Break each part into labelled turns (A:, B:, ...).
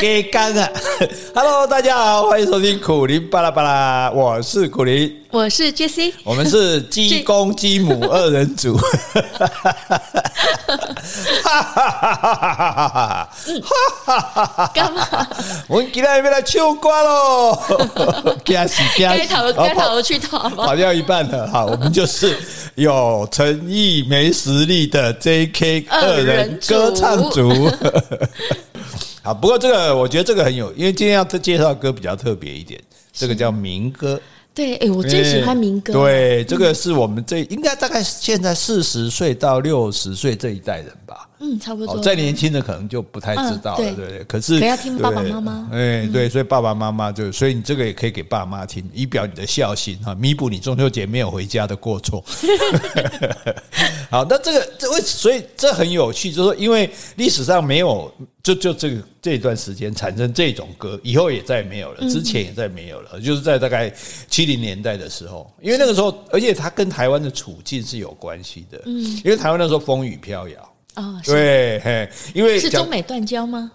A: 給幹啊！Hello，大家好，歡迎收聽苦苓巴拉巴拉，我是苦苓，
B: 我是 Jessy，
A: 我們是雞公雞母二人組， 嗯、幹嘛？ 我們給大家來秋瓜嘍！給它洗，該討該討、哦、討
B: 去討，跑
A: 掉一半了哈！我們就是有誠意沒實力的 JK 二人歌唱組。 好，不過這個我覺得這個很有，因為今天要介紹的歌比較特別一點，這個叫民歌。
B: 對，哎、欸，我最喜歡民歌。對，這個
A: 是我們這應該大概現在四十歲到六十歲這一代人吧。
B: 嗯，差不多。再年輕
A: 的可能就不太知道了，嗯、對對，對。可是，可要聽爸爸媽媽對對、嗯。對，所以爸爸媽媽就，所以你這個也可以給爸媽聽，以表你的孝心哈，彌補你中秋節沒有回家的過錯。 好，那這個這，所以，所以這很有趣，就是說，因為歷史上沒有，就就這個這段時間產生這種歌，以後也再沒有了，之前也再沒有了，嗯嗯就是在大概七零年代的時候，因為那個時候，而且它跟台灣的處境是有關係的，嗯，因為台灣那時候風雨飄搖。啊、oh，對，嘿，因為是中美斷交嗎？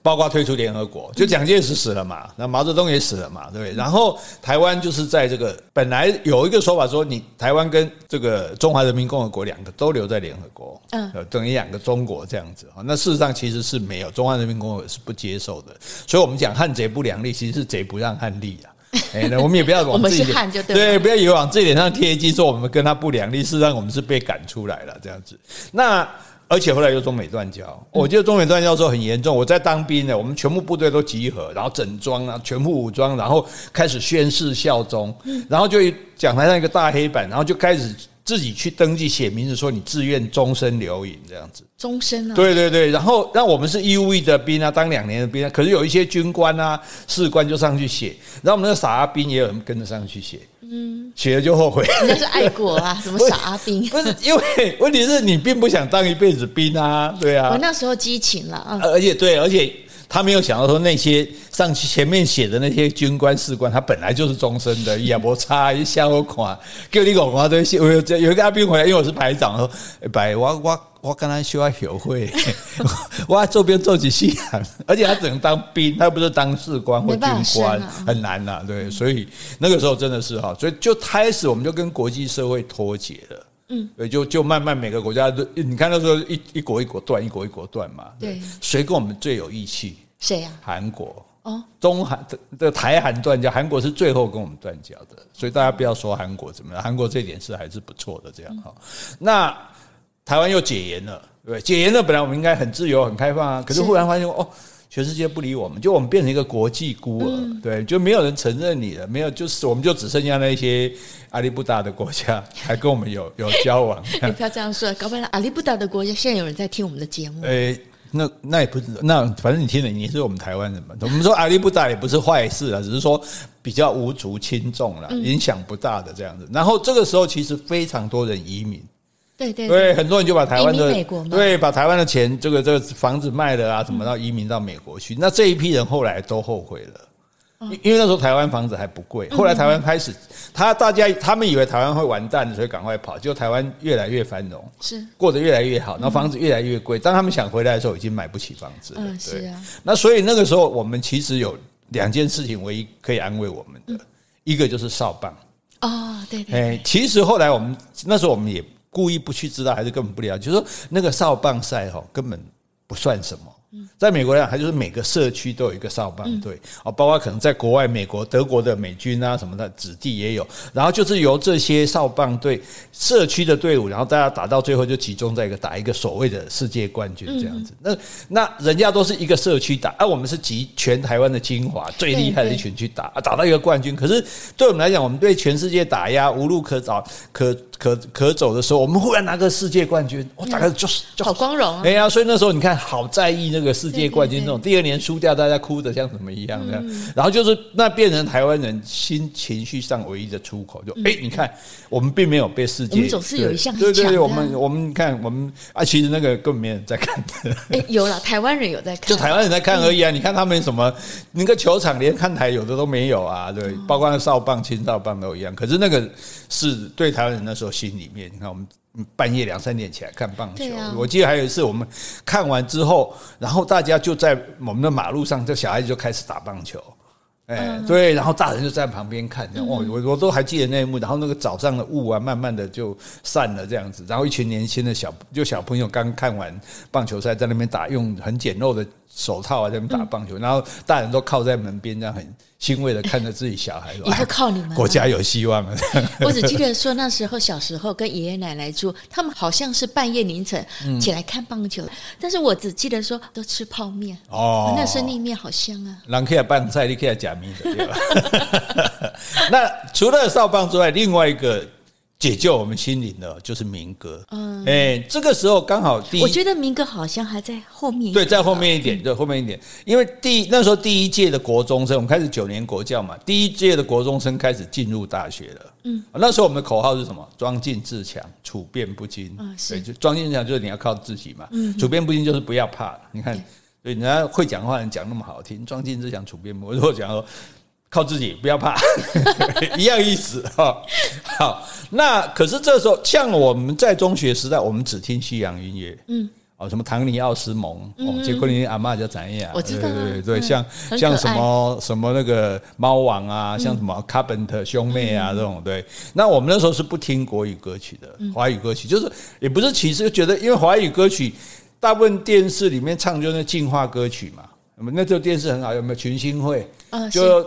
A: 包括退出聯合國，就蔣介石死了嘛，那毛澤東也死了嘛，對，然後台灣就是在這個本來有一個說法說，你台灣跟這個中華人民共和國兩個都留在聯合國，嗯、uh，等於兩個中國這樣子。那事實上其實是沒有，中華人民共和國是不接受的，所以我們講漢賊不兩立，其實是賊不讓漢立啊。那 我們也不要往自己 我們是漢就對，對，不要以為往自己臉上貼金，說我們跟他不兩立，事實上我們是被趕出來了這樣子。那而且後來又中美斷交，我覺得中美斷交的時候很嚴重。我在當兵呢，我們全部部隊都集合，然後整裝啊，全部武裝，然後開始宣誓效忠，然後就講台上一個大黑板，然後就開始自己去登記寫名字，說你自願終身留營這樣子。
B: 終身啊，對
A: 對對。然後那我們是義務役的兵啊，當兩年的兵，可是有一些軍官啊、士官就上去寫，然後我們那傻阿兵也有人跟着上去寫。嗯，學了就後悔。嗯，那是
B: 愛國啊，什麼傻阿兵？不是，因
A: 為問題是你並不想當一輩子兵啊，對啊。我那
B: 時候激情了，嗯，而
A: 且對，而且他沒有想到說那些上去上前面寫的那些軍官士官，他本來就是終身的，也沒差，下個款。跟你講啊，這些我有有一個阿兵回來，因為我是排長，擺哇哇。我剛才學，要學會、欸； 我在周邊做起事，而且他只能當兵，他又不是當士官或軍官，很難吶、啊。對，所以那個時候真的是哈，所以就開始我們就跟國際社會脫節了。嗯，對，就就慢慢每個國家都，你看那時候一一國一國斷，一國一國斷嘛。對，誰跟我們最有義氣？誰呀？韓國哦，中韓這這台韓斷交，韓國是最後跟我們斷交的，所以大家不要說韓國怎麼樣，韓國這點是還是不錯的。這樣哈，那。台灣又解嚴了，對，解嚴了，本來我們應該很自由，很開放啊，可是忽然發現哦，全世界不理我們，就我們變成一個國際孤兒，嗯，對，就沒有人承認你了，沒有，就是我們就只剩下那些阿里不達的國家還跟我們有有交往。 你不
B: 要這樣說，搞不好阿里不達的國家，現在有人在聽我們的節目。誒、
A: 欸，那那也不那，反正你聽了，你是我們台灣人嘛，我們說阿里不達也不是壞事啊，只是說比較無足輕重了，嗯，影響不大的這樣子。然後這個時候，其實非常多人移民。對，對，對，對，對，很多人就把台灣的、這個、對，把台灣的錢這個這個房子賣了啊，什麼到移民到美國去、嗯。那這一批人後來都後悔了，嗯、因為那時候台灣房子還不貴，後來台灣開始，他、嗯嗯、大家他們以為台灣會完蛋，所以趕快跑，結果台灣越來越繁榮，是過得越來越好，那房子越來越貴、嗯，當他們想回來的時候，已經買不起房子了對、嗯。是啊，那所以那個時候我們其實有兩件事情，唯一可以安慰我們的、嗯、一個就是少棒
B: 哦，對,對,對，哎、欸，
A: 其實後來我們那時候我們也。故意不去知道還是根本不了解，就是說那個少棒賽吼，根本不算什麼。在美國來講，它就是每個社區都有一個少棒隊啊，包括可能在國外美國、德國的美軍啊什麼的子弟也有。然後就是由這些少棒隊、社區的隊伍，然後大家打到最後就集中在一個打一個所謂的世界冠軍這樣子。那那人家都是一個社區打。啊，而我們是集全台灣的精華最厲害的一群去打，啊，打到一個冠軍。可是對我們來講，我們對全世界打壓無路可找可可可走的時候，我們忽然拿個世界冠軍，我、嗯哦、大概就是就好光榮、啊。哎、欸、呀、啊，所以那時候你看好在意那個世界冠軍那種。第二年輸掉，大家哭得像什麼一樣這樣、嗯。然後就是那變成台灣人心情緒上唯一的出口，就哎、嗯欸，你看我們並沒有被世界，嗯、我們總是有一項很強的對對，對對，我們我們看我們啊，其實那個根本沒人在看的。哎、
B: 欸，有了台灣人有在看， 就台
A: 灣人在看而已啊。嗯、你看他們什麼那個球場連看台有的都沒有啊，對，哦、包括那少棒、青少棒都有一樣。可是那個是對台灣人那時候。心裡面，你看我們半夜兩三點起來看棒球，啊，我記得還有一次我們看完之後，然後大家就在我們的馬路上，這小孩子就開始打棒球，哎、欸嗯，對，然後大人就在旁邊看，哇，我、哦、我都還記得那一幕。然後那個早上的霧啊，慢慢的就散了，這樣子，然後一群年輕的小就小朋友剛看完棒球賽，在那邊打，用很簡陋的。手套啊，在打棒球，然後大人都靠在門邊，這樣很欣慰的看着自己小孩。以後
B: 靠你們，國家有希望了啊。我只記得說那時候小時候跟爺爺奶奶住，他們好像是半夜凌晨起來看棒球，但是我只記得說都吃泡麵哦，那生力麵好香
A: 啊。冷起來拌菜，熱起來加麵的，對吧？那除了少棒之外，另外一個。解救我們心靈的，就是民歌。嗯，哎、欸，這個時候剛好第一，我覺得
B: 民歌好像還在後面。對，在
A: 後面一點、嗯，對，後面一點，因為第一那時候第一屆的國中生，我們開始九年國教嘛，第一屆的國中生開始進入大學了。嗯、啊，那時候我們的口號是什麼？“莊敬自強，處變不驚。嗯”啊，是。對，就“莊敬自強”就是你要靠自己嘛。嗯，“處變不驚”就是不要怕。嗯、你看，對，你人家會講話，講那麼好聽，“莊敬自強，處變不驚。”我講說，說。靠自己，不要怕， 一樣意思 好，那可是這時候，像我們在中學時代，我們只聽西洋音樂，嗯，哦，什麼唐尼奧斯蒙，結果你阿媽叫展樣？我知道、啊，對對、對、對、嗯對，像像什麼什麼那個貓王啊、嗯，像什麼卡本特兄妹啊、嗯、這種，對。那我們那時候是不聽國語歌曲的，華、嗯、語歌曲就是也不是，其實覺得因為華語歌曲大部分電視裡面唱就那淨化歌曲嘛。那時候電視很好，有沒有群星會？哦、就。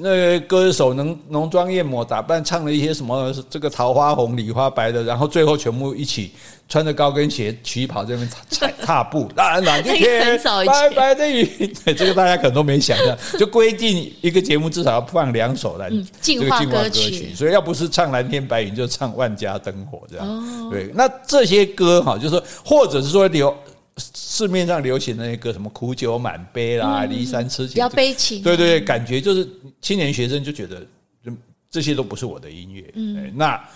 A: 那個、歌手能濃妝豔抹打扮，唱了一些什麼這個桃花紅、梨花白的，然後最後全部一起穿着高跟鞋、旗袍這邊踩踏步。當然了，藍天、白白的雲， 這個大家可能都沒想到，就規定一個節目至少要放兩首來淨、嗯化，這個、化歌曲，所以要不是唱藍天白雲，就唱萬家燈火這樣。哦、對，那這些歌哈，就是或者是說有。市面上流行的那個什麼苦酒滿杯啦，驪、嗯、山癡情。比、嗯、較悲情。對對，感覺就是青年學生就覺得，這些都不是我的音樂。嗯，那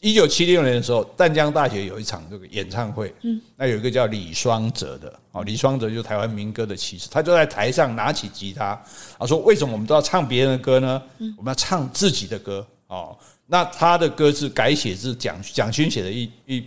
A: 一九七六年的時候，淡江大學有一場這個演唱會，嗯，那有一個叫李雙澤的，哦，李雙澤就是台灣民歌的騎士，他就在台上拿起吉他，他、啊、說：“為什麼我們都要唱別人的歌呢？嗯、我們要唱自己的歌。”哦，那他的歌是改寫自蔣蔣勳寫的一一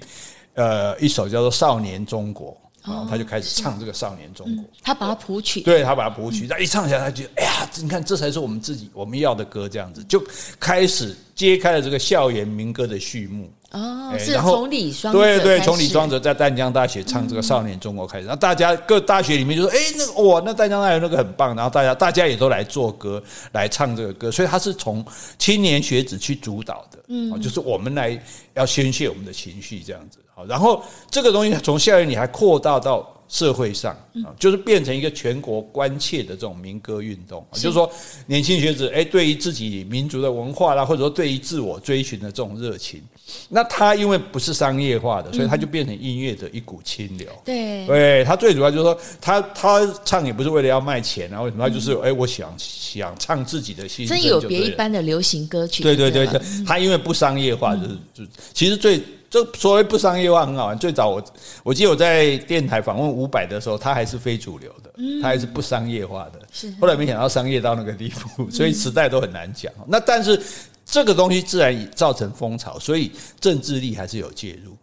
A: 呃一首叫做《少年中國》。然後他就開始唱這個《少年中國》
B: 哦啊嗯，他把它譜曲，對，他把它譜曲，他一
A: 唱起來他，他、嗯、就哎呀，你看這才是我們自己我們要的歌，這樣子就開始揭開了這個校園民歌的序幕。哦，欸、是從李雙對對，從李雙澤在淡江大學唱這個《少年中國》開始、嗯，然後大家各大學裡面就說，哎、欸，那個哇，那淡江大學那個很棒，然後大家大家也都來做歌來唱這個歌，所以他是從青年學子去主導的，嗯，就是我們來要宣洩我們的情緒，這樣子。然後這個東西從校園裡還擴大到社會上啊，就是變成一個全國關切的這種民歌運動。就是說，年輕學子誒，對於自己民族的文化啦，或者說對於自我追尋的這種熱情，那他因為不是商業化的，所以他就變成音樂的一股清流。
B: 對，對
A: 他最主要就是說，他他唱也不是為了要賣錢啊，為什麼？他就是誒，我想想唱自己的心聲。真有別一
B: 般的流行歌曲。對對對對，他
A: 因為不商業化，就是就其實最。就所謂不商業化很好玩，最早我我記得我在電台訪問伍佰的時候，它還是非主流的，它還是不商業化的，嗯、是的。後來沒想到商業到那個地步，所以時代都很難講。那但是這個東西自然造成風潮，所以政治力還是有介入。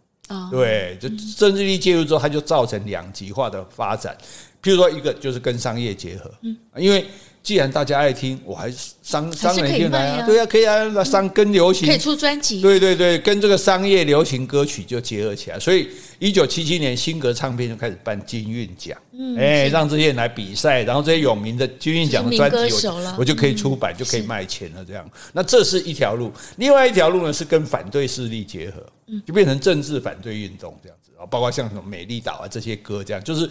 B: 對，就
A: 政治力介入之後，它就造成兩極化的發展。譬如說，一個就是跟商業結合，因為。既然大家愛聽，我還是商商人就來啊，對啊，可以啊，那商跟流行、嗯、可以出專輯，對對對，跟這個商業流行歌曲就結合起來。所以一九七七年，新格唱片就開始辦金韻獎，誒、嗯欸、讓這些人來比賽，然後這些有名的金韻獎的專輯，我、就是、我就可以出版，嗯、就可以賣錢了。這樣，那這是一條路。另外一條路呢，是跟反對勢力結合，就變成政治反對運動這樣子啊，包括像什麼美麗島啊這些歌，這樣就是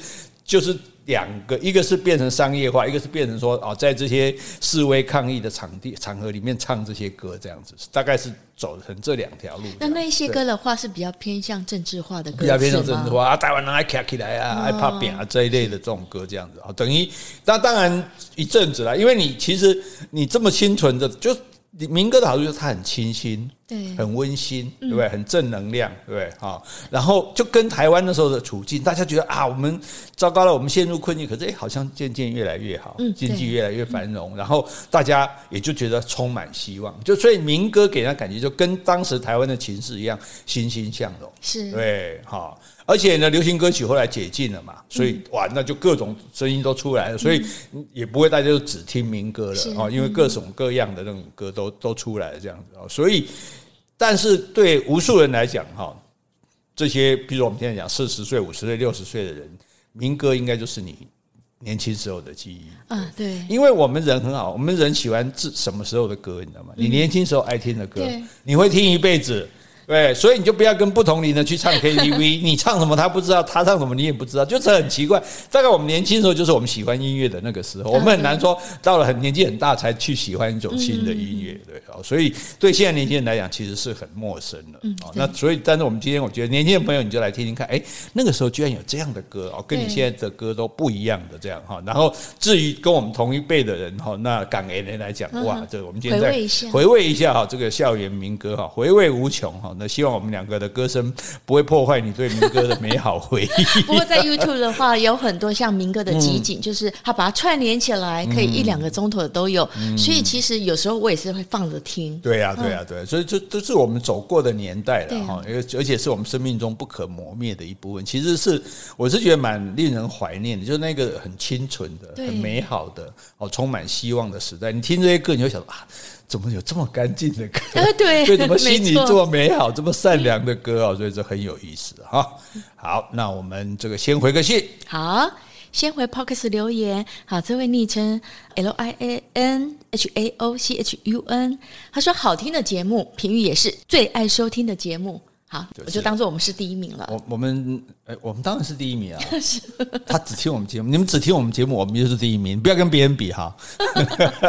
A: 就是。就是兩個，一個是變成商業化，一個是變成說哦，在這些示威抗議的場地場合裡面唱這些歌，這樣子，大概是走成這兩條路。那那一些歌
B: 的話是比較偏向政治化的歌，比較偏向政治化
A: 啊，臺灣人愛卡起來啊，愛拍拚啊這一類的這種歌這樣子啊、哦，等於那當然一陣子了，因為你其實你這麼清純的，就民歌的好處就是它很清新。對，很溫馨，對不對、嗯？很正能量，對不對？然後就跟台灣那時候的處境，大家覺得啊，我們糟糕了，我們陷入困境，可是誒，好像漸漸越來越好，嗯、經濟越來越繁榮、嗯，然後大家也就覺得充滿希望。嗯、就所以民歌給人家感覺就跟當時台灣的情勢一樣，欣欣向榮。是，對，好、哦。而且呢，流行歌曲後來解禁了嘛，所以，嗯、哇，那就各種聲音都出來了，所以也不會大家都只聽民歌了啊，嗯，因為各種各樣的那種歌都都出來了這樣子啊。所以，但是對無數人來講哈，這些，比如我們現在講四十歲、五十歲、六十歲的人，民歌應該就是你年輕時候的記憶啊，嗯，對，因為我們人很好，我們人喜歡自什麼時候的歌，你知道嗎？你年輕時候愛聽的歌，嗯，你會聽一輩子。對，所以你就不要跟不同齡的去唱 KTV， 你唱什麼他不知道，他唱什麼你也不知道，就是很奇怪。大概我們年輕時候就是我們喜歡音樂的那個時候，我們很難說到了很年紀很大才去喜歡一種新的音樂，對哦。所以對現在年輕人來講，其實是很陌生的哦。那所以，但是我們今天我覺得，年輕的朋友你就來聽聽看，哎，那個時候居然有這樣的歌哦，跟你現在的歌都不一樣的這樣哈。然後至於跟我們同一輩的人哈，那老年人來講，哇，這我們今天再回味一下哈，這個校園民歌哈，回味無窮哈。那希望我們兩個的歌聲不會破壞你對民歌的美好回
B: 憶。 不過在 YouTube 的話， 有很多像民歌的集錦、嗯，就是他把它串聯起來，可以一兩個鐘頭的都有、嗯。所以其實有時候我也是會放着聽。對、嗯、呀，對呀、啊
A: 啊，對。所以這都、就是我們走過的年代了哈，而且是我們生命中不可磨滅的一部分。其實是我是覺得蠻令人懷念的，就是那個很清純的、很美好的、哦充滿希望的時代。你聽這些歌，你就想啊。怎麼有這麼乾淨的歌？啊、對，所以怎麼心裡這麼美好，這麼善良的歌啊？所以這很有意思哈。好，那我們這個先回個信。
B: 好，先回 Podcast 留言。好，這位昵稱 Lianhaochun，他說好聽的節目，評語也是最愛收聽的節目。好，就是，我就當做我們是第一名了。我
A: 我們哎，我們當然是第一名啊。他只聽我們節目，你們只聽我們節目，我們就是第一名。不要跟別人比哈。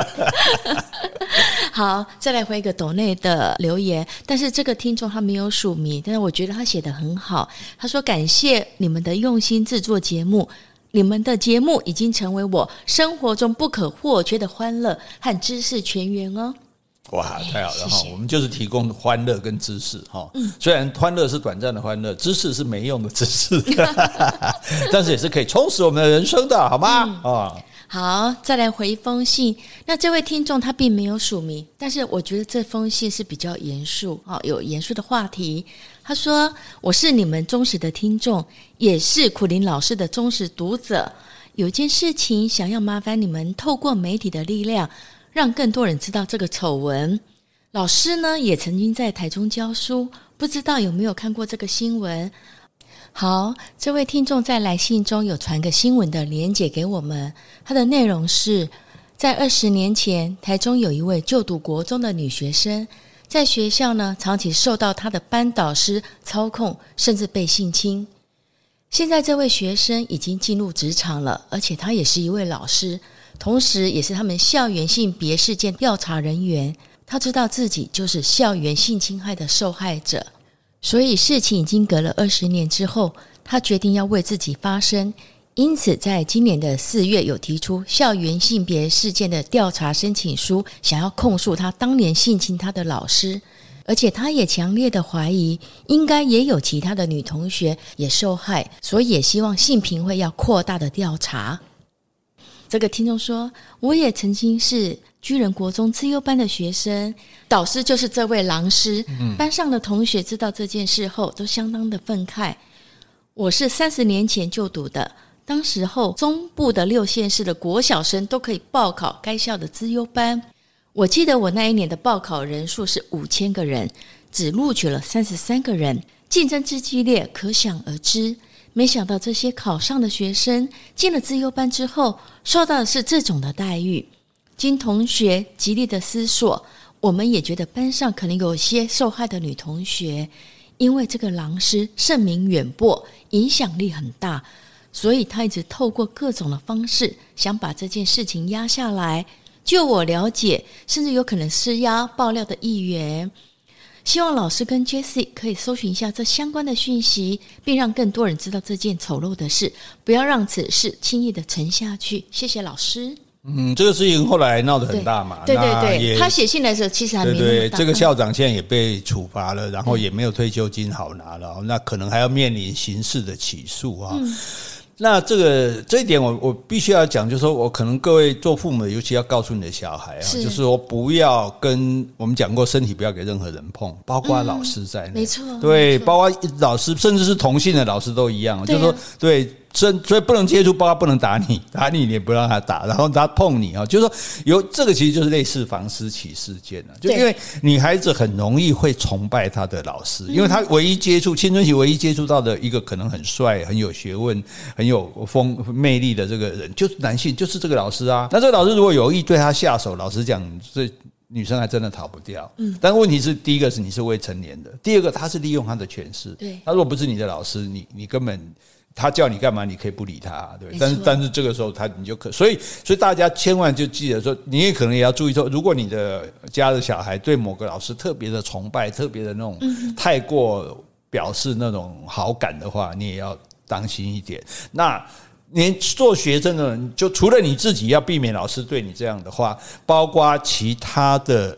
B: 好，再來回一個抖內的留言，但是這個聽眾他沒有署名，但是我覺得他寫得很好。他說：“感謝你們的用心制作節目，你們的節目已經成為我生活中不可或缺的歡樂和知識泉源哦。”
A: 哇，太好了哈！我們就是提供歡樂跟知識哈。雖然歡樂是短暫的歡樂，知識是沒用的知識， 但是也是可以充實我們的人生的，好嗎？啊、嗯。
B: 好，再來回一封信。那這位聽眾他並沒有署名，但是我覺得這封信是比較嚴肅，啊，有嚴肅的話題。他說：“我是你們忠實的聽眾，也是苦苓老師的忠實讀者。有一件事情想要麻煩你們，透過媒體的力量，讓更多人知道這個醜聞。老師呢，也曾經在台中教書，不知道有沒有看過這個新聞。”好，這位聽眾在來信中有傳個新聞的連結給我們，它的內容是在二十年前，台中有一位就讀國中的女學生，在學校呢長期受到她的班導師操控，甚至被性侵。現在這位學生已經進入職場了，而且她也是一位老師，同時也是他們校園性別事件調查人員。她知道自己就是校園性侵害的受害者。所以事情已經隔了二十年之後，他決定要為自己發聲。因此在今年的四月，有提出校園性別事件的調查申請書，想要控訴他當年性侵他的老師，而且他也強烈的懷疑，應該也有其他的女同學也受害，所以也希望性平會要擴大的調查。這個聽眾說，我也曾經是，居仁國中資優班的學生，導師就是這位狼師。嗯，班上的同學知道這件事後都相當的憤慨。我是三十年前就讀的，當時候中部的六縣市的國小生都可以報考該校的資優班。我記得我那一年的報考人數是五千個人，只錄取了三十三個人，競爭之激烈可想而知。沒想到這些考上的學生進了資優班之後，受到的是這種的待遇。經同學極力的思索，我們也覺得班上可能有些受害的女同學，因為這個狼師盛名遠播，影響力很大，所以他一直透過各種的方式，想把這件事情壓下來。就我了解，甚至有可能施壓爆料的議員。希望老師跟 Jessy 可以搜尋一下這相關的訊息，並讓更多人知道這件醜陋的事，不要讓此事輕易的沉下去。謝謝老師。
A: 嗯，這個事情後來鬧得很大嘛？對對對，對，他寫
B: 信的時候其實還沒有。對對，這個校
A: 長現在也被處罰了、嗯，然後也沒有退休金好拿了，那可能還要面臨刑事的起訴啊、嗯。那這個這一點我，我我必須要講，就是說我可能各位做父母的，尤其要告訴你的小孩啊，就是說不要跟我們講過，身體不要給任何人碰，包括老師在內。嗯、
B: 沒錯，對，
A: 包括老師，甚至是同性的老師都一樣，嗯、就說對、啊、對。所以，所以不能接觸，包括不能打你，打你也不讓他打，然後他碰你啊、哦，就是說，有這個其實就是類似房思琪事件了、啊。就因為女孩子很容易會崇拜她的老師，因為她唯一接觸青春期唯一接觸到的一個可能很帥、很有學問、很有風魅力的這個人，就是男性，就是這個老師啊。那這個老師如果有意對他下手，老實講，這女生還真的逃不掉。嗯。但問題是，第一個是你是未成年的，第二個他是利用他的權勢。對。他如果不是你的老師，你你根本。他叫你幹嘛，你可以不理他，對。但是但是這個時候，他你就可，所以所以大家千萬就記得說，你也可能也要注意說，如果你的家的小孩對某個老師特別的崇拜，特別的那種太過表示那種好感的話，你也要當心一點。那你做學生的人，就除了你自己要避免老師對你這樣的話，包括其他的。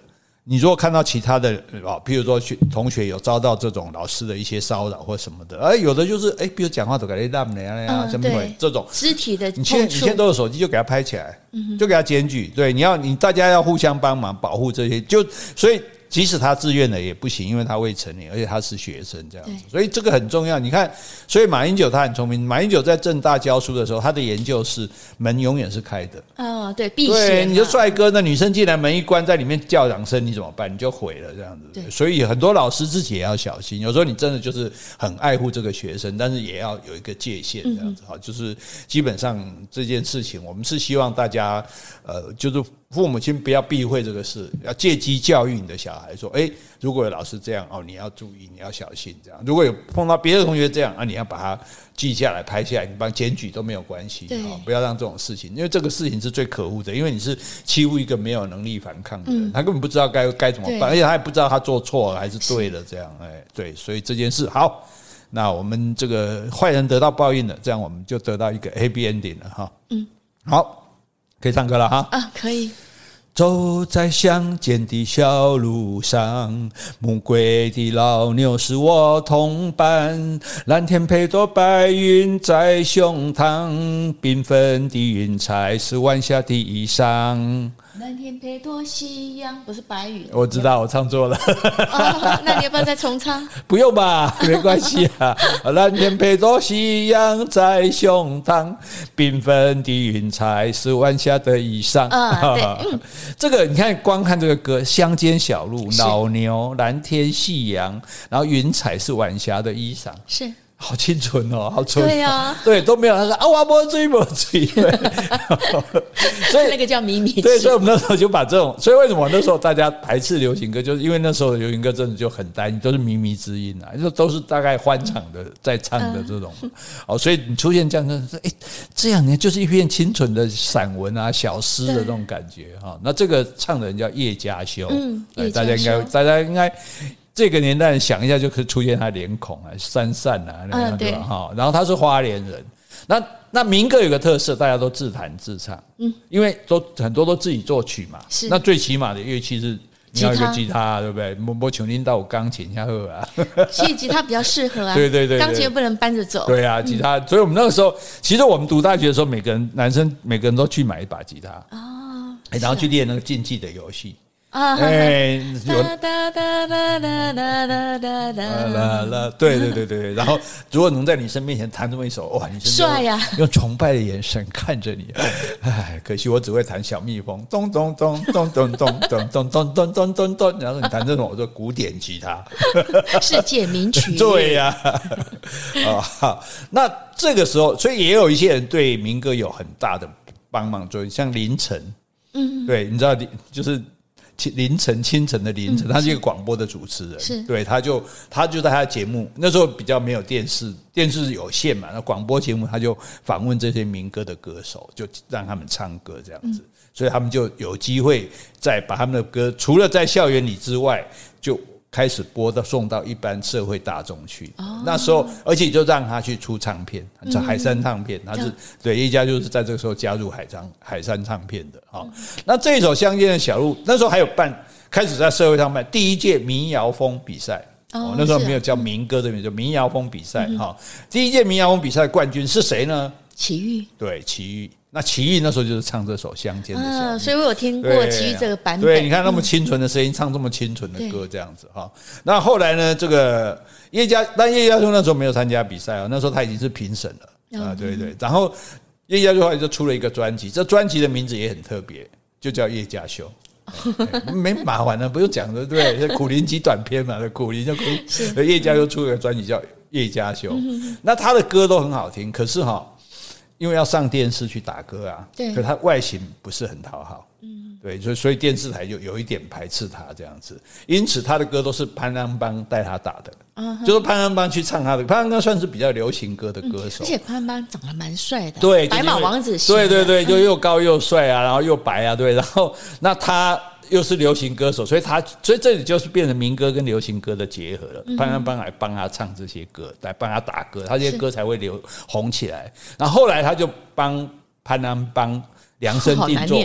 A: 你如果看到其他的啊，譬如說學同學有遭到這種老師的一些騷擾或什麼的，誒、欸、有的就是誒、欸、比如講話都改得那麼那樣呀，這這種，肢
B: 體的，你現你現在都有
A: 手機，就給他拍起來，嗯、就給他檢舉。對，你要你大家要互相幫忙保護這些，就所以。即使他自願的也不行，因為他未成年，而且他是學生這樣子，所以這個很重要。你看，所以馬英九他很聰明。馬英九在政大教書的時候，他的研究室門永遠是開的。
B: 啊、哦，對，避嫌。你
A: 說帥哥，那女生進來門一關，在裡面叫兩聲，你怎麼辦？你就毀了這樣子。對，所以很多老師自己也要小心。有時候你真的就是很愛護這個學生，但是也要有一個界限這樣子哈、嗯。就是基本上這件事情，我們是希望大家呃，就是。父母親不要避諱這個事，要借機教育你的小孩說：“哎、欸，如果有老師這樣哦，你要注意，你要小心這樣。如果有碰到別的同學這樣，啊，你要把它記下來、拍下來，你幫檢舉都沒有關係。好、哦，不要讓這，這種事情，因為這個事情是最可惡的，因為你是欺負一個沒有能力反抗的人，人、嗯，他根本不知道該該怎麼辦，而且他也不知道他做錯了還是對的。這樣，哎、欸，對，所以這件事好，那我們這個壞人得到報應了，這樣我們就得到一個 A B ending 了，哈。嗯，好。”可以唱歌了哈！啊，可以。走在鄉間的小路上，暮歸的老牛是我同伴。藍天配朵白雲在胸膛，繽紛的雲彩是晚霞的衣裳。
B: 藍天配朵夕陽，不是白雲。我知道
A: 我唱錯了，
B: 哦。那你要
A: 不要再重唱？ 不用吧，沒關係啊。藍 天配朵夕陽在胸膛，繽紛的雲彩是晚霞的衣裳。嗯、哦，對、啊，這個你看，光看這個歌，鄉間小路，老牛，藍天，夕陽，然後雲彩是晚霞的衣裳，是。好清純哦，好純對、哦、呀，對、啊、對都沒有，他說啊，我不要追，不要追。 所以那個叫
B: 靡靡之音，對，所
A: 以我們那時候就把這種，所以為什麼那時候大家排斥流行歌，就是因為那時候流行歌真的就很單一，都是靡靡之音啊，就都是大概歡場的、嗯、在唱的這種，哦、嗯，所以你出現這樣子，哎、欸，這樣就是一片清純的散文啊，小詩的那種感覺哈，那這個唱的人叫葉佳修，嗯，大家應該，大家應該。這個年代想一下，就可以出現他臉孔啊，三扇啊，那個哈。然後他是花蓮人，那那民歌有個特色，大家都自彈自唱。嗯，因為都很多都自己作曲嘛。是。那最起碼的樂器是你要一個吉他、啊，對不對？不，不像你們都有鋼琴這麼好啊？是其實
B: 吉他比較適合啊。 對,對對對，鋼琴又不能搬着走。對啊，吉他。
A: 所以我們那個時候，嗯、其實我們讀大學的時候，每個人男生每個人都去買一把吉他、哦、啊，然後去練那個競技的遊戲。
B: 啊、oh, okay. 欸！哎，啦啦啦啦啦啦，啦！對
A: 對對對，然後如果能在你身面前彈這麼一首，哇，女生帥呀，用崇拜的眼神看着你、啊唉。可惜我只會彈小蜜蜂，咚咚咚咚咚咚咚咚咚咚咚咚。然後你彈這種，我說古典吉他，
B: 世界名曲。對呀，
A: 啊，那這個時候，所以也有一些人對民歌有很大的幫忙作用，像凌晨，嗯，對，你知道，就是。凌晨，清晨的凌晨，他是一個廣播的主持人。嗯，對，他就他就在他的節目，那時候比較沒有電視，電視有限嘛，那廣播節目他就訪問這些民歌的歌手，就讓他們唱歌這樣子，嗯。所以他們就有機會再把他們的歌除了在校園裡之外就。開始播到送到一般社會大眾去，哦，那時候，而且就讓他去出唱片，嗯、海山唱片，他是對一家，就是在這個時候加入海上海山唱片的哈、嗯。那這一首鄉間的小路，那時候還有辦，開始在社會上辦第一屆民謠風比賽，哦，哦，那時候沒有叫民歌，這邊叫民謠風比賽哈、嗯嗯。第一屆民謠風比賽的冠軍是誰呢？齊豫，對齊豫。那齊豫，那時候就是唱這首《鄉間的小路》啊，所
B: 以我有聽過齊豫這個版本對。對，你看那麼清純的
A: 聲音、嗯，唱這麼清純的歌，這樣子哈。那後來呢，這個葉佳，但葉佳修那時候沒有參加比賽，那時候他已經是評審了啊。嗯、對，對對，然後葉佳修後來就出了一個專輯，這專輯的名字也很特別，就叫《葉佳修》，沒麻煩了、啊、不用講的。對，苦苓集短篇嘛，苦苓就苦，葉佳修出了一個專輯叫《葉佳修》嗯，那他的歌都很好聽，可是哈、哦。因為要上電視去打歌啊，對，可是他外形不是很討好，嗯，對，所所以電視台就有一點排斥他這樣子，因此他的歌都是潘安邦帶他打的，啊、
B: 嗯，就是潘
A: 安邦去唱他的，潘安邦算是比較流行歌的歌手，嗯、而且
B: 潘安邦長得蠻帥的，對，白馬王子，對對對，就又
A: 高又帥啊，然後又白啊，對，然後那他。又是流行歌手，所以他，所以這裡就是變成民歌跟流行歌的結合了。嗯、潘安邦來幫他唱這些歌，來幫他打歌，他這些歌才會流紅起來。然後後來他就幫潘安邦量身定做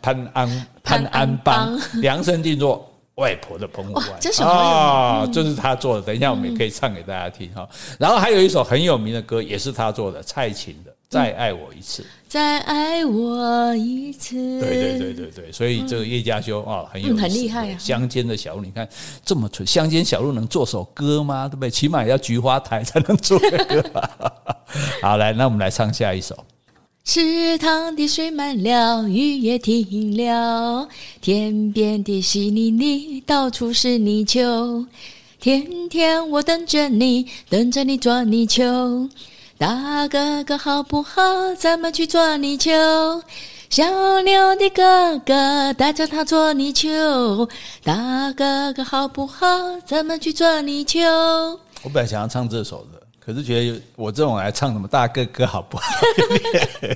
A: 潘安潘安邦，潘安邦，潘安邦，潘安邦量身定做外婆的澎湖灣，這小啊，這、哦嗯就是他做的。等一下我們也可以唱給大家聽哈、嗯。然後還有一首很有名的歌，也是他做的，蔡琴的。再愛我一次，嗯，
B: 再愛我一次。對對
A: 對對對，所以這個葉佳修啊，嗯哦，很有、嗯、很厲害啊。鄉間的小路，你看這麼純，鄉間小路能做首歌嗎？對不對？起碼也要菊花台才能做個歌吧。 好，來，那我們來唱下一首。
B: 池 塘的水滿了，雨也停了，田邊的稀泥裡到處是泥鰍。天天我等着你，等着你抓泥鰍。大哥哥，好不好？咱們去捉泥鰍。小牛的哥哥帶着他捉泥鰍。大哥哥，好不好？咱們去捉泥鰍。
A: 我本來想要唱這首的。可是覺得我這種來唱什麼大哥哥好不好？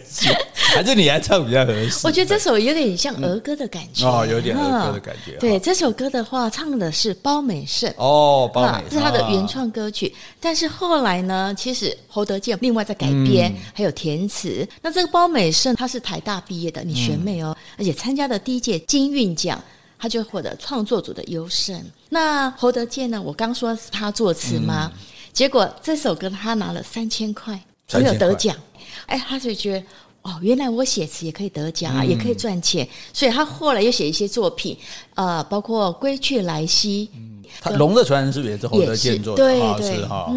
A: 還是你來唱比較合適？我
B: 覺得這首有點像兒歌的感覺、嗯、哦，有點兒歌的感覺。哦哦對，這首歌的話唱的是包美聖哦，包美聖是他的原創歌曲。哦、但是後來呢，其實侯德健另外在改編、嗯、還有填詞。那這個包美聖他是台大畢業的，你選美哦，嗯、而且參加的第一屆金韻獎，他就獲得創作組的優勝。那侯德健呢，我剛說是他作詞嗎？嗯結果這首歌他拿了3,000塊三千塊，沒有得獎，哎，他就覺得哦，原來我寫詞也可以得獎、嗯，也可以賺錢，所以他後來又寫一些作品，呃，包括《歸去來兮》。嗯，他龍
A: 的傳人是不是也是侯德健作的？對對
B: 哈。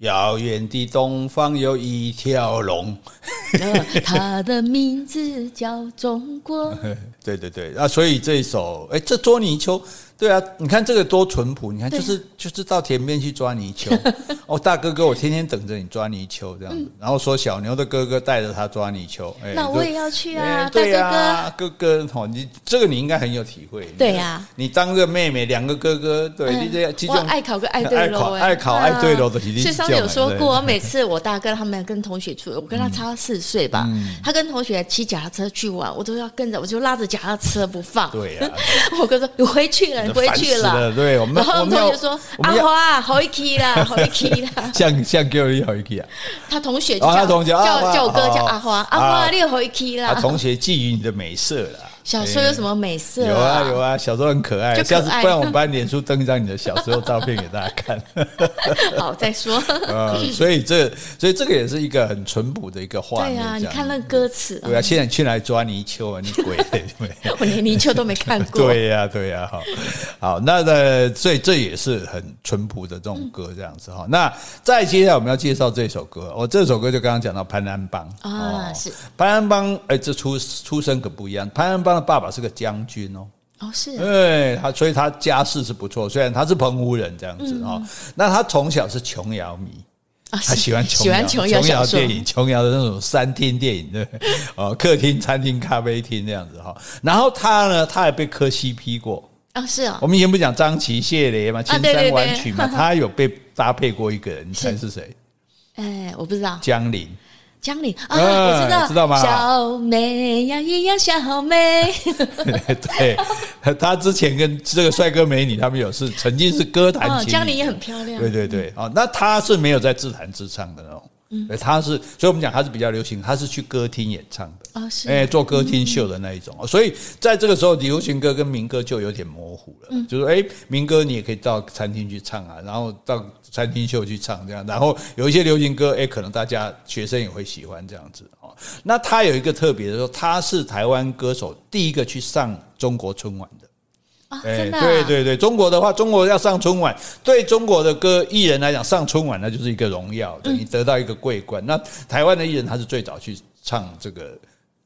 A: 遙遠的東方有一條龍， 他
B: 的名字叫中國。
A: 對對對，那所以這一首，哎、欸，這捉泥鰍。對啊，你看這個多淳樸，你看就是、啊、就是到田邊去抓泥鰍， 哦，大哥哥，我天天等着你抓泥鰍這樣子、嗯，然後說小牛的哥哥帶着他抓泥鰍、嗯欸，
B: 那我也要
A: 去啊，欸、大哥哥，啊、哥哥、哦、你這個你應該很有體會，對呀、啊，你當個妹妹，兩個哥哥，對，哎、你這樣，我愛考
B: 個愛對嘍，愛考，愛，考、啊、愛對嘍的，所以上有說，有說過，我每次我大哥他們跟同學出，我跟他差四歲吧、嗯，他跟同學騎腳踏車去玩，我都要跟着，我就拉着腳踏車不放，對呀、啊， 我哥說你回去了。回去了，對，我們我同學說阿花好一期了，好一期了，
A: 像像叫一好一期啊，
B: 他同學、啊、叫他同學叫叫我哥叫阿花，阿、啊、花、啊啊啊、你回好一期了，他同
A: 學覬覦你的美色了。
B: 小時候有什麼美色，
A: 啊欸？有啊有啊，小時候很可愛，可愛。下次不然我們班臉書登一張你的小時候照片給大家看。
B: 好，再說。啊、呃，所以這，
A: 所以這個也是一個很淳樸的一個畫面。對啊，你看
B: 那個歌詞。對啊，現
A: 在去來抓泥鰍啊，你鬼 對
B: 我連泥鰍都沒看過。對
A: 呀，啊、對呀、啊，好、啊，好，那的，所以這也是很淳樸的這種歌，這樣子哈、嗯。那再接下來我們要介紹這首歌，我、哦、這首歌就剛剛講到潘安邦、哦、啊，是潘安邦。哎、欸，這出出身可不一樣，潘安邦。他爸爸是個將軍哦,哦，哦是、啊，哎，他所以他家世是不錯，雖然他是澎湖人這樣子哈、嗯。那他從小是瓊瑤迷啊,啊，他喜歡瓊瑤，瓊瑤電影，瓊瑤的那種三廳電影對， 哦，客廳、餐廳、咖啡廳這樣子哈。然後他呢，他還被柯西批過啊，是啊。我們以前不講張琪、謝雷嘛，青山、婉曲嘛、啊對對對，他有被搭配過一個人， 你猜是誰？哎、
B: 欸，我不知道。
A: 江玲。
B: 江玲啊，嗯、知道知道嗎？小美呀，一樣小美 。
A: 對，他之前跟這個帥哥美女他們有是曾經是歌壇、嗯嗯，江玲也很漂亮。對對對，哦、嗯，那他是沒有在自彈自唱的那種。嗯，對，他是，所以我們講他是比較流行，他是去歌廳演唱的啊、哦，是，哎、欸，做歌廳秀的那一種、嗯、所以在這個時候，流行歌跟民歌就有點模糊了，嗯，就是哎、欸，民歌你也可以到餐廳去唱啊，然後到餐廳秀去唱這樣，然後有一些流行歌，哎、欸，可能大家學生也會喜歡這樣子哦。那他有一個特別的說，他是台灣歌手第一個去上中國春晚的。哎、oh, 欸啊，對對對，中國的話，中國要上春晚，對中國的歌藝人來講，上春晚那就是一個榮耀，你得到一個桂冠。嗯、那台灣的藝人，他是最早去唱這個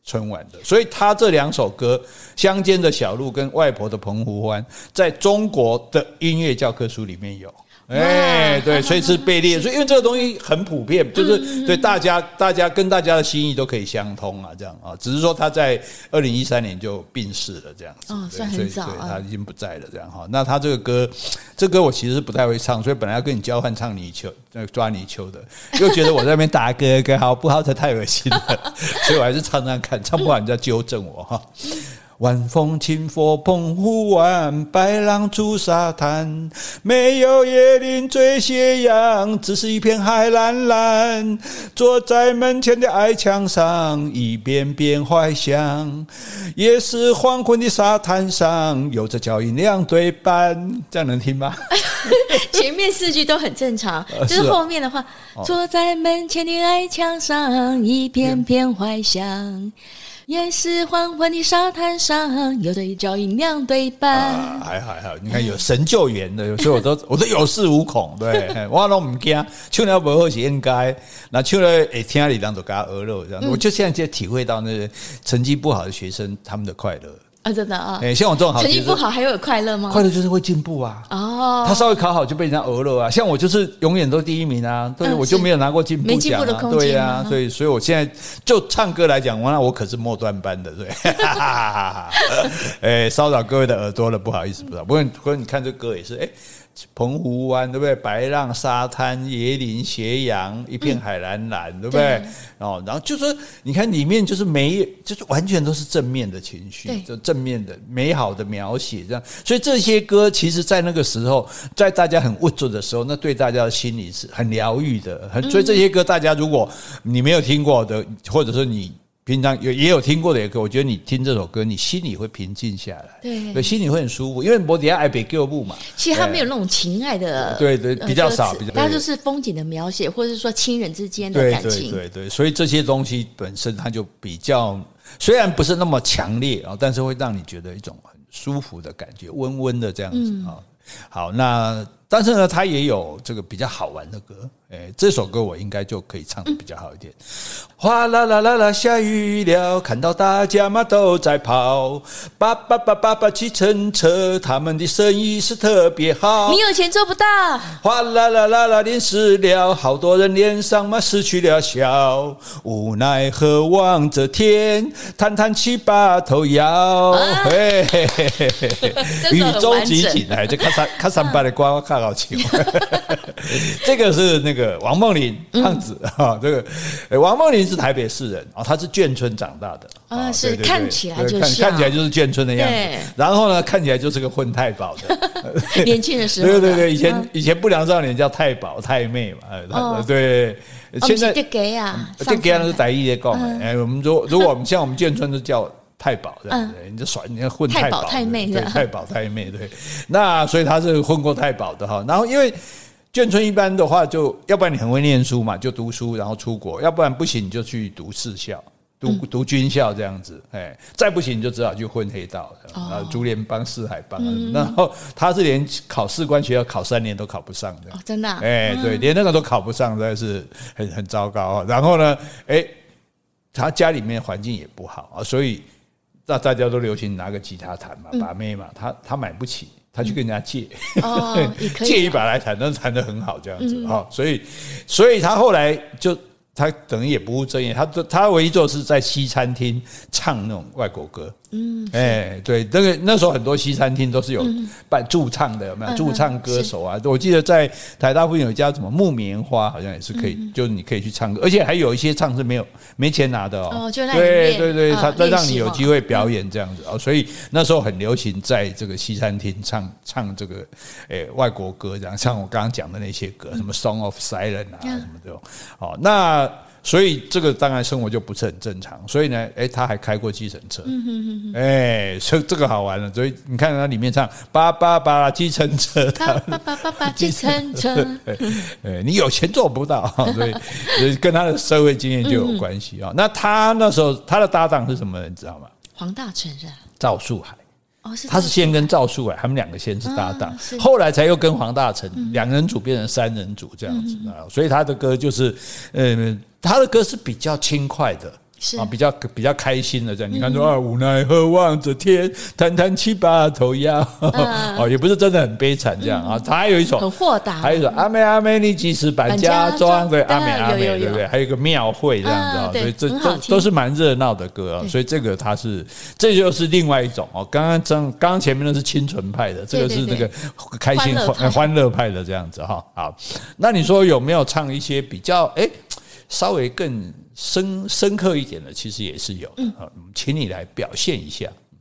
A: 春晚的，所以他這兩首歌《鄉間的小路》跟《外婆的澎湖灣》在中國的音樂教科書裡面有。
B: 哎，對， 所以是被列，所以
A: 因為這個東西很普遍，就是對、嗯、大家，大家跟大家的心意都可以相通啊，這樣啊，只是說他在二零一三年就病逝了，這樣子，對，哦、算很早、啊、所以對他已經不在了，這樣哈。那他這個歌，這歌、個、我其實是不太會唱，所以本來要跟你交換唱泥鰍，那抓泥鰍的，又覺得我在那邊打歌歌， 好不好？才太噁心了，所以我還是唱唱看，唱不完你再糾正我哈。嗯 晚風輕拂澎湖灣，白浪逐沙灘。沒有椰林綴斜陽，只是一片海藍藍。坐在門前的矮牆上，一遍遍懷想。也是黃昏的沙灘上，有着腳印兩對半。這樣能聽嗎？
B: 前面四句都很正常，呃是哦、就是後面的話。哦、坐在門前的矮牆上，一遍遍懷想。也是黃昏的沙灘上，有著腳印兩對半。啊，
A: 還好還好，你看有神救援的， 所以我都我都有恃無恐，對，我攏唔驚。唱了不好是應該，那唱了誒，天阿里人都加鵝肉這樣，嗯。我就現在就體會到那些成績不好的學生，他們的快樂。
B: 啊、oh，真的啊！哎，像我這種好成績，成績不好還有快樂嗎？快樂
A: 就是會進步啊！
B: 哦，他稍
A: 微考好就被人家訛了啊！像我就是永遠都第一名啊，所以我就沒有拿過進步獎，啊。對啊。所以所以我現在就唱歌來講，完了我可是末端班的，對。哎，騷擾各位的耳朵了，不好意思，不知道。不過不過你看這歌也是哎。欸澎湖灣，對不對？白浪沙灘，椰林斜陽，一片海藍藍，嗯、對不對？哦，然後就說、是，你看裡面就是沒，就是完全都是正面的情緒，就正面的美好的描寫，這樣。所以這些歌，其實，在那個時候，在大家很物質的時候，那對大家的心理是很療癒的。所以這些歌，大家如果你沒有聽過的，或者說你。平常有也有聽過的也歌，我覺得你聽這首歌，你心裡會平靜下來，對，對，心裡會很舒服，因為摩天愛別舊部嘛。
B: 其實他沒有那種情愛的，對，對對，比較少，比就是是風景的描寫，或者說親人之間的感情，對對，對
A: 對。所以這些東西本身，它就比較雖然不是那麼強烈啊，但是會讓你覺得一種很舒服的感覺，溫溫的這樣子啊、嗯。好，那。但是呢，他也有這個比較好玩的歌，哎、欸，這首歌我應該就可以唱的比較好一點。嘩、嗯、啦啦啦啦，下雨了，看到大家嘛都在跑，叭叭叭叭叭計程車，他們的生意是特別好。你有
B: 錢坐不到。
A: 嘩啦啦啦啦，淋濕了，好多人臉上嘛失去了笑，無奈何望着天，嘆嘆氣把頭搖。嘿,嘿,嘿,嘿,嘿,嘿。雨中即景來，這卡三卡 三八的瓜我看。表情，這個是那個王夢麟胖子，哈、嗯哦，這個王夢麟是台北市人啊、哦，他是眷村長大的啊、
B: 哦，是看起來就是看起來就
A: 是眷村的樣子。然後呢，看起來就是個混太保的，
B: 年輕人是吧？ 對對對，以前、嗯、
A: 以前不良少年叫太保太妹嘛。哎、哦，對，現在給、哦、啊，給啊是在台語在講。哎、嗯欸，我們如果如果我們像我們眷村就叫。太保對不對你就耍，你要混太保，太妹對，太保太妹，太保太妹對，那所以他是混過太保的哈。然後因為眷村一般的話就，就要不然你很會念書嘛，就讀書然後出國；要不然不行，你就去讀士校、讀、嗯、讀軍校這樣子。哎，再不行，你就只好去混黑道，哦、
B: 然後竹
A: 聯幫、四海幫、嗯。然後他是連考士官學校考三年都考不上，哦、真
B: 的哎、啊欸，對、嗯，連
A: 那個都考不上，真的是很很糟糕啊。然後呢，哎、欸，他家裡面環境也不好啊，所以。那大家都流行拿個吉他彈嘛，把妹嘛，他他買不起，他去跟人家借、嗯， 借一把來彈，那彈得很好這樣子哈、嗯，所以所以他後來就他等於也不務正業，他他唯一就是在西餐廳唱那種外國歌。嗯，哎、欸，對，那個那時候很多西餐廳都是有辦駐唱的，有沒有駐、嗯、駐唱歌手啊、嗯？我記得在台大附近有一家什麼木棉花，好像也是可以，嗯、就是你可以去唱歌，而且還有一些唱是沒有沒錢拿的哦。哦，就那對，對對對，他、哦、他讓你有機會表演這樣子哦、嗯嗯，所以那時候很流行在這個西餐廳唱唱這個哎、欸、外國歌，然後像我剛剛講的那些歌、嗯，什麼《Song of Siren》啊、嗯、什麼這種，好，那。所以這個當然生活就不是很正常，所以呢，哎、欸，他還開過計程車，哎、嗯嗯，這、欸，這個好玩了。所以你看他裡面唱“叭巴叭巴計巴程車”，他
B: “巴叭巴叭計程車”，
A: 哎、嗯欸，你有錢做不到，所以，所以跟他的社會經驗就有關係啊、嗯。那他那時候他的搭檔是什麼人，你知道嗎？
B: 黃大成是
A: 趙樹海，哦，
B: 是他是
A: 先跟趙樹海，他們兩個先是搭檔、啊，後來才又跟黃大成，兩、嗯、人組變成三人組這樣子啊、嗯嗯。所以他的歌就是，嗯他的歌是比較輕快的是，是、哦、啊，比較比較開心的這樣。嗯、你看說啊，無奈何望着天，嘆嘆氣把頭搖，嗯，也不是真的很悲慘這樣啊。他、嗯、還有一首很豁達，還有一首阿美阿美你幾時辦嫁妝，對阿美阿美，對不對？還有一個廟會這樣子啊，所以這都都是蠻熱鬧的歌啊。所以這個他是，這就是另外一種哦。剛剛剛剛前面那是清純派的對對對，這個是那個開心歡樂派，派的這樣子哈。好，那你說有沒有唱一些比較誒？欸稍微更深深刻一點的，其實也是有的、嗯，請你來表現一下、嗯。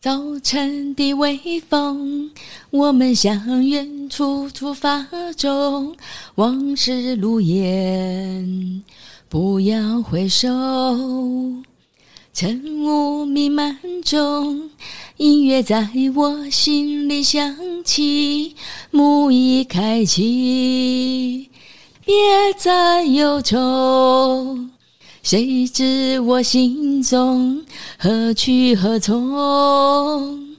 B: 早晨的微風，我們向遠處出發中，往事如煙，不要回首。晨霧彌漫中，音樂在我心裡響起，幕已開啟。別再憂愁，誰知我心中何去何從？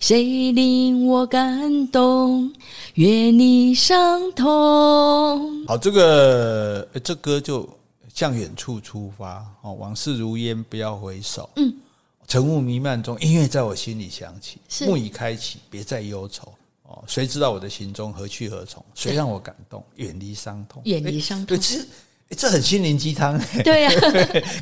B: 誰令我感動、這個？願你傷痛。
A: 好，這個這歌就向遠處出發。哦，往事如煙，不要回首。嗯，晨霧彌漫中，音樂在我心裡響起。是。夢已開啟，別再憂愁。哦，誰知道我的行蹤何去何從？誰讓我感動遠？遠離傷痛，遠離傷痛。對，其實、欸、這很心靈雞湯、欸。對呀、啊，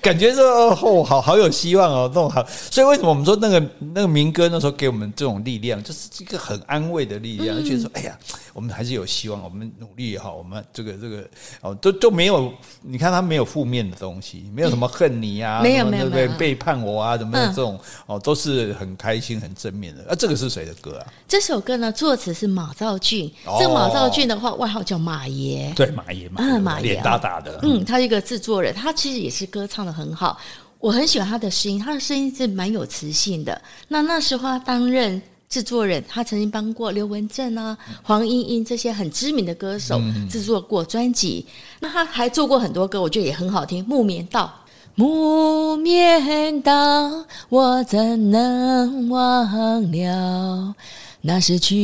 A: 感覺說後、哦哦、好好有希望哦，弄好。所以為什麼我們說那個那個民歌那時候給我們這種力量，就是一個很安慰的力量，就、嗯、是說，哎呀。我們還是有希望，我們努力也好，我們這個這個哦，都都沒有。你看他沒有負面的東西，沒有什麼恨你啊，沒有沒有對不對背叛我啊，怎麼樣這種哦，都是很開心、很正面的。呃、啊，這個是誰的歌啊？
B: 這首歌呢，作詞是馬兆駿。這個馬兆駿的話、哦，外號叫馬爺。對，
A: 馬爺，馬爺，嗯、臉大大的、哦。嗯，
B: 他是一個製作人，他其實也是歌唱得很好。我很喜歡他的聲音，他的聲音是蠻有磁性的。那那時候他擔任，製作人，他曾經幫過劉文正啊、黃鶯鶯這些很知名的歌手，嗯嗯嗯，製作過專輯。那他還做過很多歌，我覺得也很好聽。木棉道，木棉道，我怎能忘了？那是去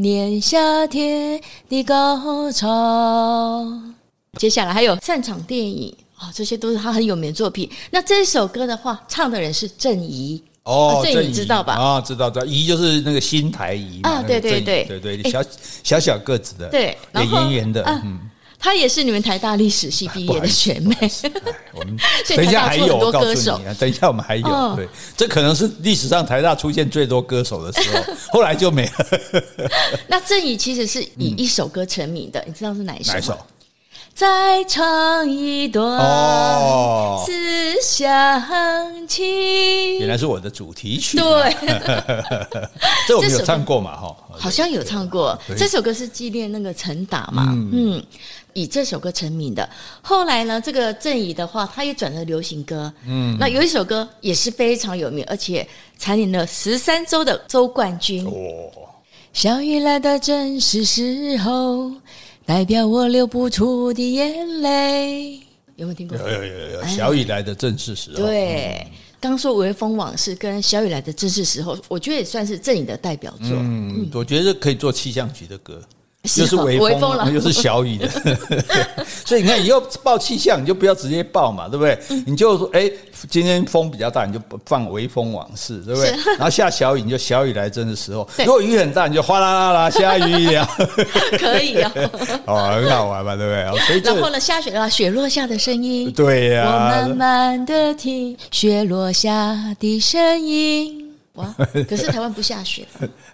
B: 年夏天的高潮。接下來還有《散場電影》啊、哦，這些都是他很有名的作品。那這首歌的話，唱的人是鄭怡。哦，鄭、啊、怡知道吧？
A: 啊、哦，知道知道，怡就是那個新台怡，啊，對對對對對，欸、小小小個子的，對，臉圓圓的、啊，
B: 嗯，他也是你們台大歷史系畢業的學妹、啊。我們等一下還有，我告訴你啊，
A: 等一下我們還有、哦，對，這可能是歷史上台大出現最多歌手的時候，嗯、後來就沒了。
B: 那鄭怡其實是以一首歌成名的，嗯、你知道是哪一首、啊？哪一首再唱一段《思想起》、哦，原
A: 來是我的主題曲。對， 這首唱過嘛？哈，
B: 好像有唱過。這首歌是紀念那個陳達嘛，嗯？嗯，以這首歌成名的。後來呢，這個鄭怡的話，他也轉了流行歌。嗯，那有一首歌也是非常有名，而且蟬聯了十三周的周冠軍、哦。小雨來得正是時候。代表我流不出的眼淚，有沒有聽過？有有有
A: 有，小雨來的正是時候。對，
B: 剛說微風往事跟小雨來的正是時候，我覺得也算是鄭怡的代表作。嗯，
A: 嗯，我覺得可以做氣象局的歌。又是微風，微風又是小雨的， 所以你看，你要報氣象，你就不要直接報嘛，對不對？你就說、欸，誒今天風比較大，你就放《微風往事》，對不對？然後下小雨，你就小雨來真的時候，如果雨很大，你就嘩啦啦啦下雨一樣，可以哦，哦，很好玩嘛，對不對？啊、 然後呢，
B: 下雪了、啊，雪落下的聲音，對呀，我慢慢的聽雪落下的聲音。可是
A: 台灣不下雪。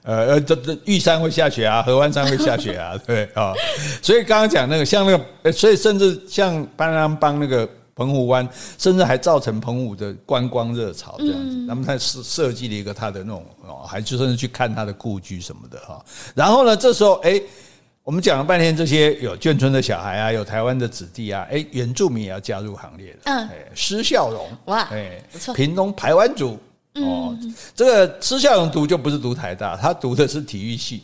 A: 呃呃，這這玉山會下雪啊，合歡山會下雪啊， 對啊。所以剛剛講那個，像那個，所以甚至像潘安邦那個澎湖灣，甚至還造成澎湖的觀光熱潮這樣子。嗯、他們他設設計了一個他的那種哦，還就甚至去看他的故居什麼的哈。然後呢，這時候哎、欸，我們講了半天這些有眷村的小孩啊，有台灣的子弟啊，哎、欸，原住民也要加入行列了。嗯，施、欸、孝榮哇，哎、欸，不錯，屏東排灣族。嗯、哦，這個施孝榮讀就不是讀台大，他讀的是體育系。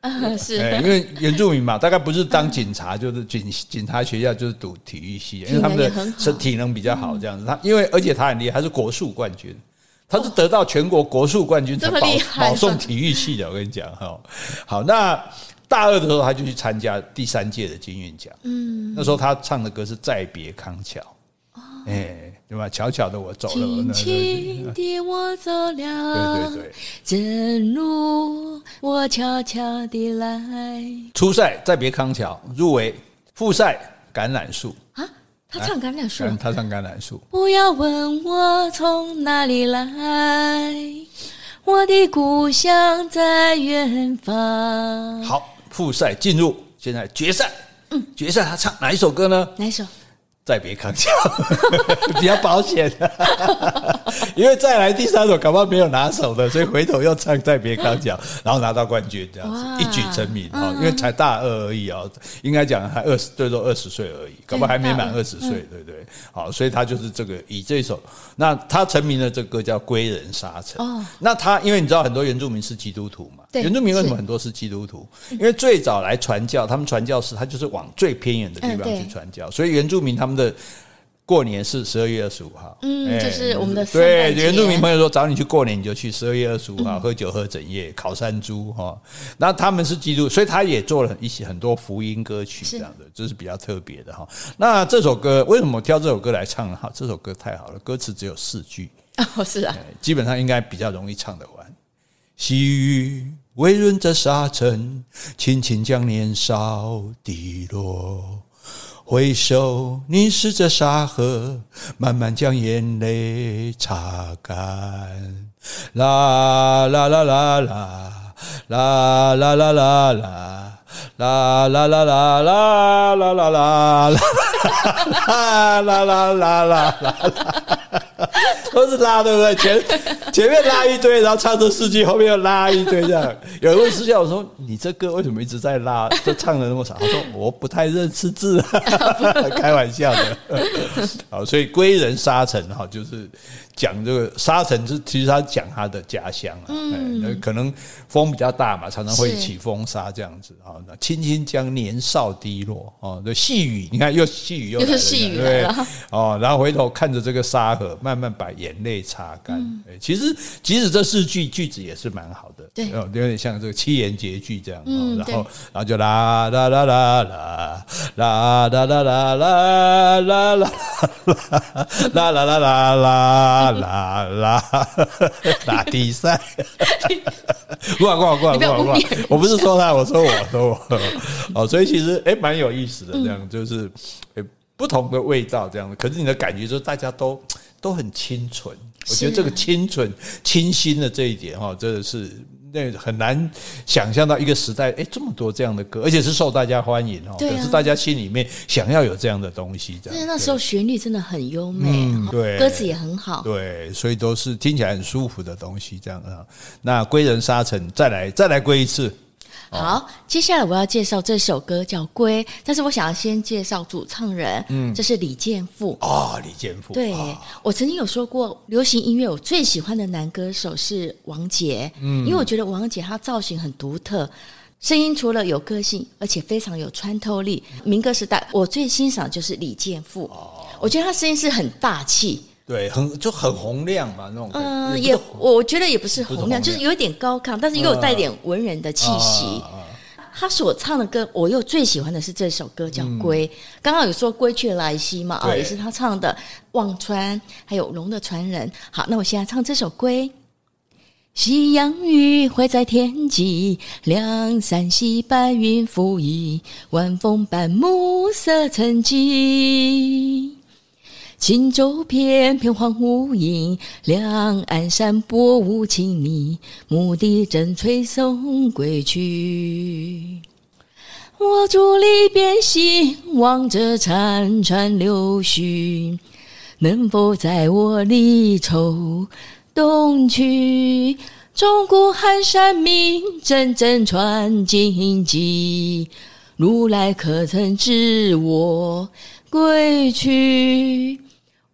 B: 嗯、呃，是，因為
A: 原住民嘛，大概不是當警察，嗯、就是警警察學校，就是讀體育系，因為他們的是體能比較好這樣子。他、嗯、因為而且他很厲害，他是國術冠軍，他是得到全國國術冠軍才保保送體育系的。我跟你講哈、哦，好，那大二的時候他就去參加第三屆的金韻獎。嗯，那時候他唱的歌是《再別康橋》。哎，對吧？悄悄的，我走了，輕輕的
B: 我走了，對對對，正路正如我悄悄的來。
A: 初賽《再別康橋》，入圍；複賽《橄欖樹》
B: 啊，他唱橄、啊《橄欖樹》，嗯，
A: 他唱《橄欖樹》。
B: 不要問我從哪裡來，我的故鄉在遠方。
A: 好，複賽進入，現在決賽。嗯，決賽他唱哪一首歌呢？哪一首？再別康橋 比較保險、啊， 因為再來第三首，搞不好沒有拿手的，所以回頭又唱再別康橋，然後拿到冠軍這樣子，一舉成名啊、哦！因為才大二而已啊、哦，應該講還二十，最多二十歲而已，搞不好還沒滿二十歲，對不對,對？好，所以他就是這個以這首，那他成名的這歌叫《歸人沙城》哦、那他因為你知道，很多原住民是基督徒嘛？對。原住民為什麼很多是基督徒？因為最早來傳教，他們傳教士他就是往最偏遠的地方去傳教，所以原住民他們。的過年是十二月二十五號，嗯、欸，就是我們的對原住民朋友說，找你去過年你就去十二月二十五號、嗯、喝酒喝整夜烤山豬哈。那他們是基督，所以他也做了一些很多福音歌曲這樣的，這是、就是比較特別的哈。那這首歌為什麼挑這首歌來唱？哈，這首歌太好了，歌詞只有四句哦，
B: 是啊，
A: 欸、基本上應該比較容易唱得完。細、哦啊、雨微潤着沙塵，輕輕將年少滴落。回首凝視着沙城，慢慢將眼淚擦乾。啦啦啦啦啦，啦啦啦啦啦，啦啦啦啦啦啦啦啦啦，啦啦啦啦啦，啦啦啦啦啦啦都是拉對不對？前前面拉一堆，然後唱着四句，後面又拉一堆，這樣。有一位私下，我說：“你這歌為什麼一直在拉？就唱的那麼長？”我說：“我不太認識字、啊，開玩笑的。”好，所以歸人沙城哈，就是。講這個沙城是，其實他講他的家鄉啊嗯、欸，嗯，可能風比較大嘛，常常會起風沙這樣子啊。那輕輕將年少低落啊，這細雨，你看又細雨又，又是細雨、嗯哦、然後回頭看着這個沙河，慢慢把眼淚擦乾、嗯欸。其實，即使這四句句子也是蠻好
B: 的，對，
A: 有，有點像這個七言絕句這樣。嗯、然後，然後就啦啦啦啦啦啦啦啦啦啦啦啦啦啦啦啦。啦啦，打比賽，掛掛掛掛掛，我不是說他，我說我說我，哦， 所以其實哎，蠻、欸、有意思的，這樣就是、欸，不同的味道，這樣，可是你的感覺就是大家都都很清純，我覺得這個清純清新的這一點，哈，真的是。那很難想象到一個時代，哎、欸，這麼多這樣的歌，而且是受大家歡迎哦。可是啊，大家心裡面想要有這樣的東西這
B: 樣。對啊，對，因為那時候旋律真的很優美，嗯，對，歌詞也很好，
A: 對，所以都是聽起來很舒服的東西，這樣啊。那歸人沙城，再來，再來歸一次。
B: 好、啊，接下來我要介紹這首歌叫《歸》，但是我想要先介紹主唱人，嗯，這是李建復、哦。啊，
A: 李建復，對，
B: 我曾經有說過，流行音樂我最喜歡的男歌手是王杰，嗯，因為我覺得王杰他造型很獨特，聲音除了有個性，而且非常有穿透力。民歌時代我最欣賞就是李建復、哦，我覺得他聲音是很大氣。
A: 對，很就很洪亮吧，那種。嗯、呃，也，也，
B: 我覺得也不是，洪亮，不是洪亮，就是有點高亢，但是又帶點文人的氣息、呃。他所唱的歌，我又最喜歡的是這首歌，叫《歸》。剛、嗯、剛有說《歸去來兮》嘛，啊、嗯，也是他唱的《忘川》，還有《龍的傳人》。好，那我現在唱這首《歸》。夕陽餘暉在天際，梁山西白雲浮移，晚風伴暮色沉寂。輕舟翩翩，晃孤影，兩岸山薄霧輕凝，牧笛正吹送歸曲。我佇立邊西，望着潺潺流絮，能否載我離愁東去？鐘鼓寒山鳴，陣陣傳靜寂，如來可曾知我歸去？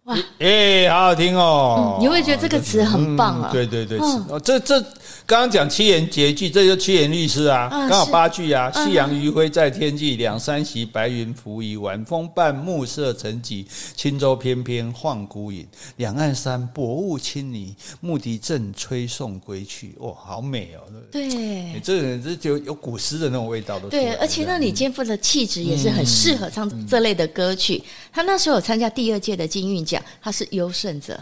A: 哇，哎、欸，好好聽哦、嗯！你
B: 會覺得這個詞很棒啊、嗯？對對對，哦，這、
A: 哦、這。這剛剛講七言絕句，這就七言律詩啊，啊，剛好八句啊，嗯。夕陽餘暉在天際，嗯，兩三襲白雲浮移。晚風伴暮色沉寂，輕舟翩翩晃孤影。兩岸山薄霧輕迷，牧笛正吹送歸去。哦，好美哦！對，
B: 對，你
A: 這這就有古詩的那種味道的。對，而且那
B: 李建復的氣質也是很適合唱這類的歌曲。嗯嗯，他那時候有參加第二屆的金韻獎，他是優勝者。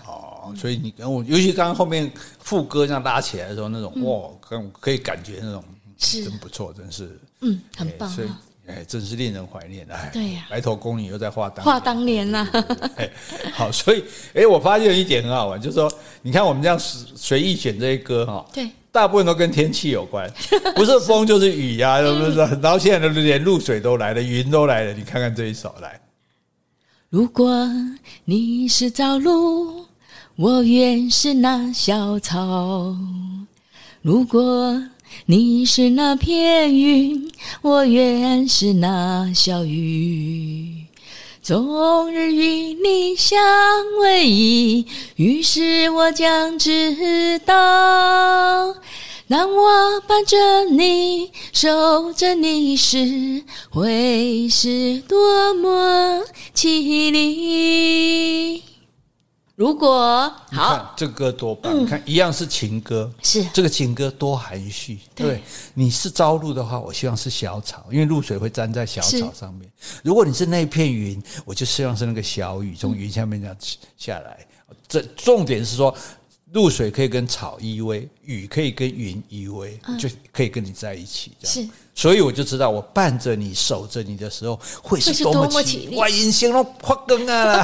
A: 所以你跟我，尤其剛剛後面副歌這樣拉起來的時候，那種、嗯、哇，可可以感覺那種是真不錯，真是嗯，
B: 很棒、啊欸。所以
A: 哎、欸，真是令人懷念哎，對呀、啊，白頭宮女又在話當話當年吶，話當年啊對對對欸、 好，所以哎、欸，我發現有一點很好玩，就是說，你看我們這樣隨意選這些歌哈，對，大部分都跟天氣有關，不是風就是雨呀、啊 是，是不是？然後現在連露水都來了，雲都來了，你看看這一首來，
B: 如果你是朝露。我願是那小草，如果你是那片雲，我願是那小雨，終日與你相偎依。於是我將知道，當我伴着你、守着你時，會是多麼綺麗。如果，
A: 看好，這個、歌多棒！嗯、你看，一樣是情歌，是這個情歌多含蓄對。對，你是朝露的話，我希望是小草，因為露水會沾在小草上面。如果你是那片雲，我就希望是那個小雨從雲下面這樣下來。這重點是說，露水可以跟草依偎，雨可以跟雲依偎、嗯，就可以跟你在一起。這樣是。所以我就知道，我伴着你、守着你的時候，會是多麼奇怪，隱形了，髮根啊！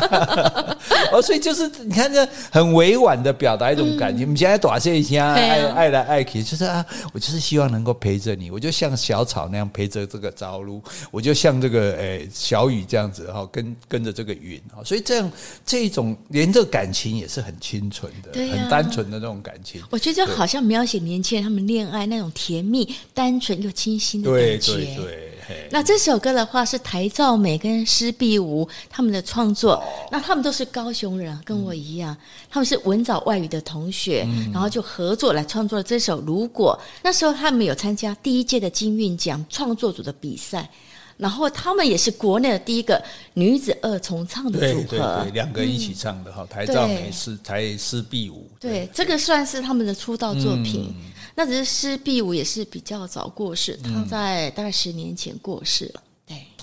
A: 哦，所以就是你看，這很委婉的表達一種感情。我們現在短信一下，愛愛來愛去，就是啊，我就是希望能夠陪着你。我就像小草那樣陪着這個朝露，我就像這個呃小雨這樣子哈，跟跟着這個雲啊。所以這樣，這一種連這個感情也是很清純的，很單純的這種感情、啊。我覺得就好
B: 像描寫年輕人他們戀愛那種甜蜜、單純又清新。對對對，那這首歌的話是邰肇枚跟施碧梧他們的創作、哦，那他們都是高雄人，跟我一樣，嗯、他們是文藻外語的同學、嗯，然後就合作來創作了這首《如果》。那時候他們有參加第一屆的金韻獎創作組的比賽，然後他們也是國內的第一個女子二重唱的組合，對對對,對，
A: 兩個一起唱的哈、嗯嗯，邰肇枚是台施碧梧
B: 對，這個算是他們的出道作品。嗯嗯那只是施碧梧也是比較早過世，嗯，他在大概十年前過世了。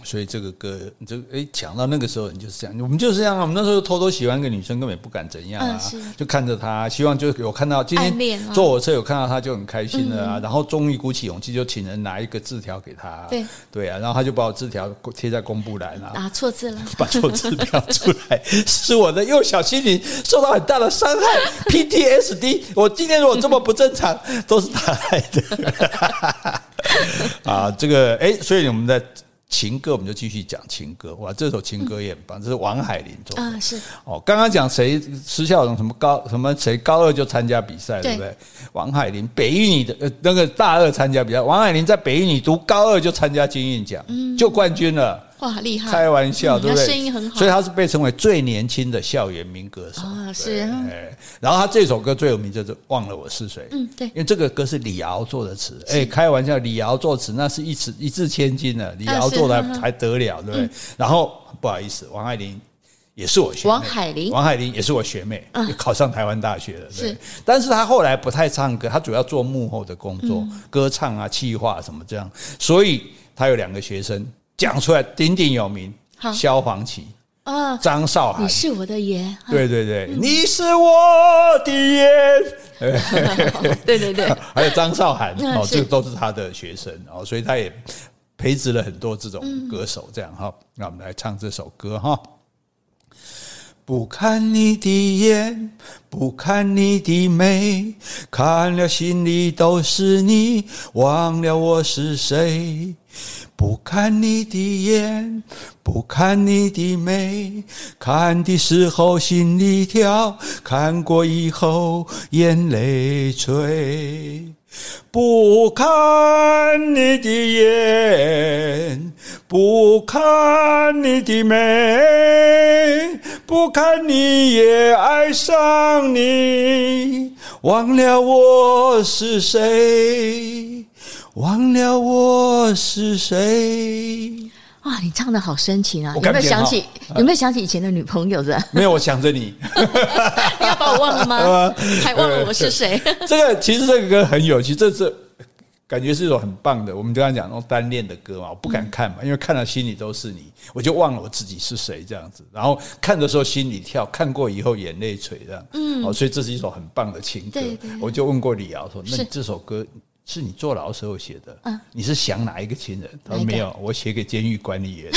A: 所以這個歌，你就哎，講到那個時候，你就是這樣。我們就是這樣啊，我們那時候偷偷喜歡個女生，根本不敢怎樣啊，啊，就看着她，希望就是我看到今天坐我車有看到她，就很開心了啊，啊。然後終於鼓起勇氣，就請人拿一個字條給她。對對啊，然後她就把我字條貼在公布欄，啊，打
B: 錯字了，把錯字標
A: 出來，是我的幼小心靈受到很大的傷害，PTSD。我今天如果這麼不正常，都是他害的 啊。這個哎，所以我們在。情歌，我們就繼續講情歌。哇，這首情歌也很棒，這是王海玲做的、嗯。啊，
B: 是
A: 哦。剛剛講誰施孝榮，什麼高什麼誰高二就參加比賽對,對不對？王海玲北一女的，呃，那個大二參加比賽，王海玲在北一女讀高二就參加金韻獎、嗯，就冠軍了。嗯
B: 哇，厲害！開玩笑，嗯、對不對、啊聲音很好？所以他是
A: 被稱為最年輕的校園民歌手
B: 啊，是啊。
A: 然後他這首歌最有名，叫做《忘了我是誰》。嗯，對。因為這個歌是李敖做的詞，誒開玩笑，李敖作詞那是一字一擲千金的，李敖做的還、啊、呵呵還得了，對不對、嗯？然後不好意思，王海玲也是我學王海玲，王海玲也是我學妹，學妹啊、考上台灣大學了。對是，但是她後來不太唱歌，她主要做幕後的工作，嗯、歌唱啊、企劃什麼這樣，所以她有兩個學生。講出來，鼎鼎有名，蕭煌奇啊，oh, 張韶涵你是
B: 我的眼，對對對、嗯，你是我的眼，對對對，你是我的眼，
A: 對對對，還有張韶涵哦， 這個都是他的學生哦，所以他也培植了很多這種歌手，這樣哈、嗯，那我們來唱這首歌哈，不看你的眼，不看你的眉，看了心裡都是你，忘了我是誰。不看你的眼，不看你的眉，看的時候心裡跳，看過以後眼淚垂。不看你的眼，不看你的眉，不看你也愛上你，忘了我
B: 是誰。忘了我是誰？哇，你唱的好深情啊！有沒有想起、啊？有沒有想起以前的女朋友的？
A: 沒有，我想着你， 你
B: 要把我忘了嗎？啊、還忘了我是誰？這個其
A: 實這個歌很有趣，這這感覺是一首很棒的。我們經常講那種單戀的歌嘛，我不敢看嘛、嗯，因為看了心裡都是你，我就忘了我自己是誰這樣子。然後看的時候心裡跳，看過以後眼淚垂這樣。嗯，哦，所以這是一首很棒的情歌。對對對，我就問過李敖說，那你這首歌。是你坐牢時候寫的，你是想哪一個情人？他說沒有，我寫給監獄管理員。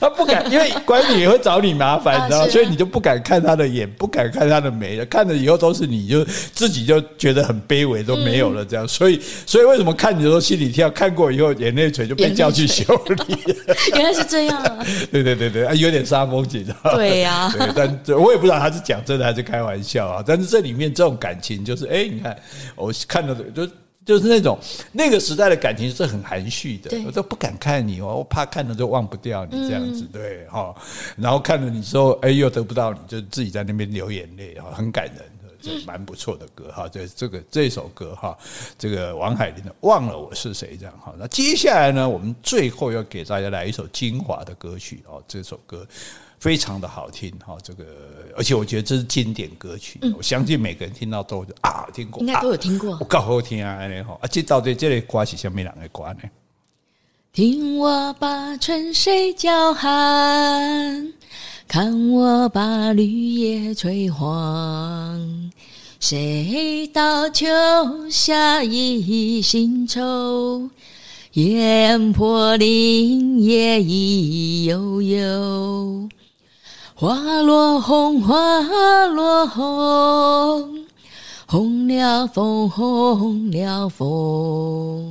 A: 他不敢，因為管理員會找你麻煩，你知道嗎？所以你就不敢看他的眼，不敢看他的眉了。看了以後都是你，就自己就覺得很卑微，都沒有了這樣。所以，所以為什麼看你的時候心裡跳，看過以後眼淚垂就被叫去修理？原來
B: 是
A: 這樣啊！對對對對，有點殺風景的。對呀，但我也不知道他是講真的還是開玩笑啊。但是這裡面這種感情，就是哎、欸，你看。我看到的就就是那種那個時代的感情是很含蓄的，我都不敢看你，我我怕看了就忘不掉你這樣子，嗯、對哈。然後看了你之後，哎，又得不到你，就自己在那邊流眼淚，然後很感人，這蠻不錯的歌哈。這這個這首歌哈，這個王海玲的《忘了我是誰》這樣哈。那接下來呢，我們最後要給大家來一首精華的歌曲哦、嗯，這首歌。非常的好聽哈，這個，而且我覺得這是經典歌曲，嗯、我相信每個人聽到都啊聽過，應該都有聽過。啊、我告訴聽啊，哎呀哈，啊，這到底這歌是什麼人的歌
B: 呢？聽我把春水叫寒，看我把綠葉催黃。誰道秋下一心愁？煙波林野意悠悠。花落紅，花落紅，紅了楓，紅了楓。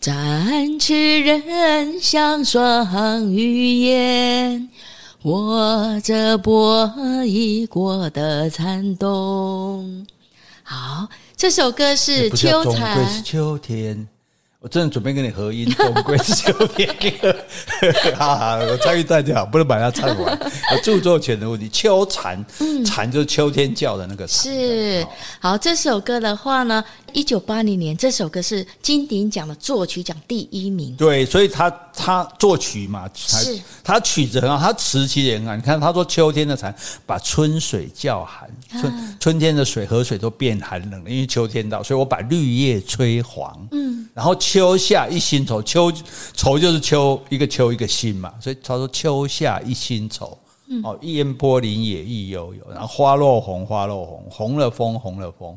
B: 展翅人像雙羽燕，我這薄衣過的殘冬。好，這首歌是秋蟬。
A: 我真的準備跟你合音，總歸是秋天 哈哈，我唱一段就好，不能把它唱完啊。著作權的問題，秋蟬，蟬、嗯、就是秋天叫的那個蟬。是。
B: 嗯好，這首歌的話呢，一九八零年，這首歌是金鼎獎的作曲獎第一名。
A: 對，所以他他作曲嘛才，他曲子很好，他詞其實也很好。你看，他說秋天的蟬把春水叫寒，春、啊、春天的水河水都變寒冷了，因為秋天到，所以我把綠葉催黃。嗯，然後秋下一心愁，秋愁就是秋一個秋一個心嘛，所以他說秋下一心愁。哦、嗯，煙波林野意悠悠，然後花落紅，花落紅，紅了楓，紅了楓，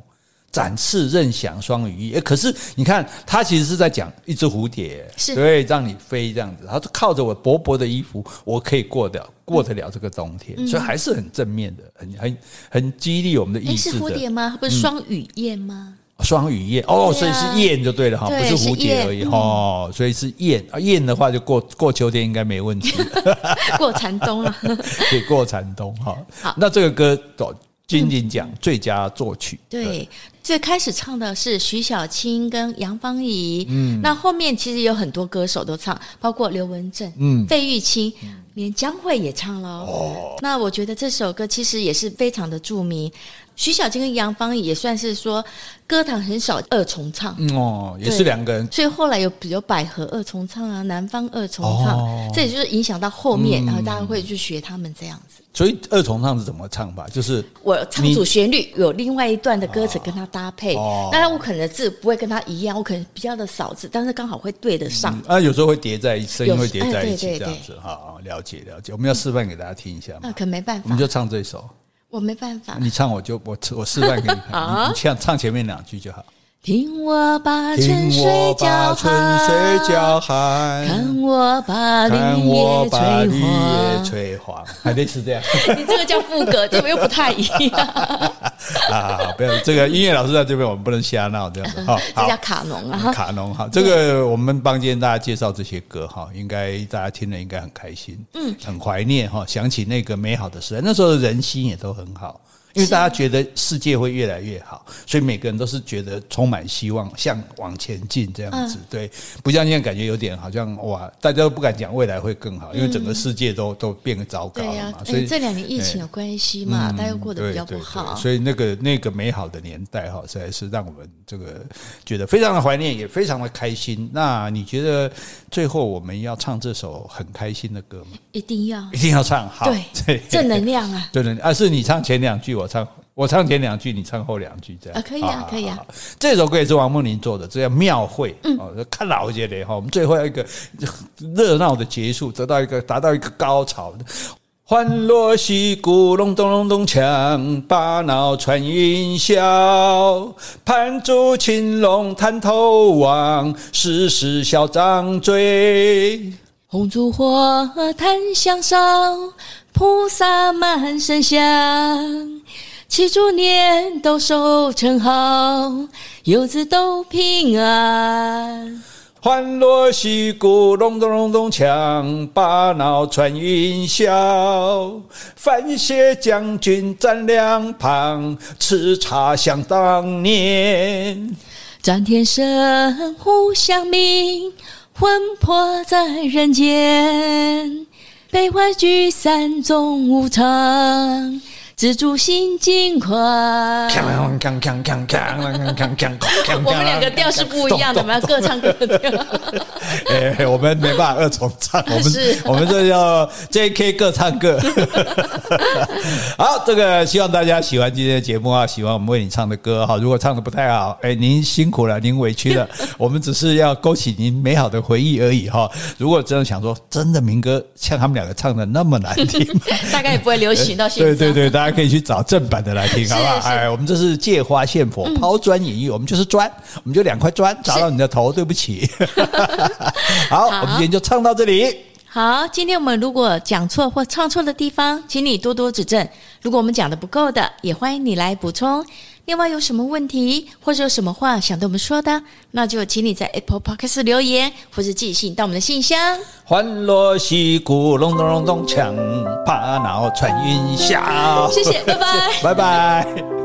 A: 展翅任翔雙羽翼。可是你看，它其實是在講一隻蝴蝶是，對，讓你飛這樣子。它就靠着我薄薄的衣服，我可以過掉，過得了這個冬天，嗯，所以還是很正面的，很很很激勵我們的意志，欸。是蝴蝶
B: 嗎？它不是雙羽燕嗎？嗯
A: 雙語羽燕、啊、哦，所以是燕就對了哈、啊，不是蝴蝶而已哈、哦，所以是燕。燕的話就過過秋天應該沒問題，
B: 過殘冬了，
A: 對， 過殘冬哈。好，那這個歌得金鼎獎最佳作
B: 曲，對。對，最開始唱的是徐曉菁跟楊芳儀，嗯，那後面其實有很多歌手都唱，包括劉文正，嗯，費玉清，連江蕙也唱嘍、哦。那我覺得這首歌其實也是非常的著名。徐曉菁跟楊芳儀也算是說，歌壇很少二重唱、嗯、哦，也是兩個人，所以後來有比較百合二重唱啊，南方二重唱，這、哦、也就是影響到後面、嗯，然後大家會去學他們這樣子。
A: 所以二重唱是怎麼唱法？就是
B: 我唱主旋律，有另外一段的歌詞跟他搭配，哦、那當然我可能字不會跟他一樣，我可能比較的少字，但是剛好會對得上、
A: 嗯。啊，有時候會疊在一起，聲音會疊在一起這樣子。哎、好，了解了解，我們要示範給大家聽一下嘛。那、
B: 嗯啊、可沒辦法，我們
A: 就唱這首。
B: 我沒辦
A: 法，你唱我就我我示範給你看， 啊、你唱唱前面兩句就好。
B: 聽我，把聽我把春水叫
A: 喊，看我把，你也吹看我把綠葉吹黃，還得是這樣。你
B: 這個叫副歌， 這邊又不太一樣。
A: 好 好、 啊、好，不要這個音樂老師在這邊，我們不能瞎鬧這樣子。好，這叫
B: 卡農啊，嗯、卡
A: 農。好，這個我們幫今天大家介紹這些歌哈、嗯，應該大家聽了應該很開心，嗯，很懷念哈，想起那個美好的時代，那時候的人心也都很好。因為大家覺得世界會越來越好，所以每個人都是覺得充滿希望，嚮往前進這樣子、啊。對，不像現在感覺有點好像哇，大家都不敢講未來會更好，因為整個世界都都變得糟糕。對呀，所以、欸、這兩年
B: 疫情的關係嘛，大家過得比較不好、嗯。所
A: 以那個那個美好的年代哈，實在是讓我們這個覺得非常的懷念，也非常的開心。那你覺得最後我們要唱這首很開心的歌嗎？一定要，一定要唱。好，對，正能量啊！正能量。啊，是你唱前兩句我。我唱我唱前兩句，你唱後兩句，這樣、
B: 呃、啊好好好好，可以啊，可以啊。
A: 這首歌也是王夢麟做的，這叫《廟會》。嗯，看老一些的哈，我們最後要一個熱鬧的結束，得到一個達到一個高潮。嗯、歡鑼喜鼓，隆咚隆咚鏘，鈸鐃穿雲霄，盤柱青龍探頭望，石獅笑張嘴，
B: 紅燭火檀香燒，菩薩滿身香。祈祝年都收成好，遊子都平安。
A: 歡樂戲鼓咚咚咚咚鏘，把腦穿雲霄。范謝將軍站兩旁，吃茶
B: 想當年。張天生呼響名，魂魄在人間。悲歡聚散終無常。蜘蛛心驚華，我們
A: 兩個調是不一樣的，我們要各唱各的調。哎，我們沒辦法二重唱，我們是，我們這叫 J.K. 各唱各。好，這個希望大家喜歡今天的節目啊，喜歡我們為你唱的歌哈。如果唱的不太好，哎，您辛苦了，您委屈了，我們只是要勾起您美好的回憶而已哈。如果真的想說，真的民歌像他們兩個唱的那麼難聽，大
B: 概也不會流行到現在。
A: 對對對，大。還可以去找正版的來聽，是是好不好？是是哎，我們這是借花獻佛、拋、嗯、磚引玉，我們就是磚，我們就兩塊磚砸到你的頭，對不起。 好，好，我們今天就唱到這裡。
B: 好，今天我們如果講錯或唱錯的地方，請你多多指正。如果我們講的不夠的，也歡迎你來補充。另外有什麼問題，或者有什麼話想對我們說的，那就請你在 Apple Podcast 留言，或是寄信到我們的信箱。
A: 歡樂西鼓隆咚隆咚鏘，爬腦穿雲霄。謝謝，拜拜，拜拜。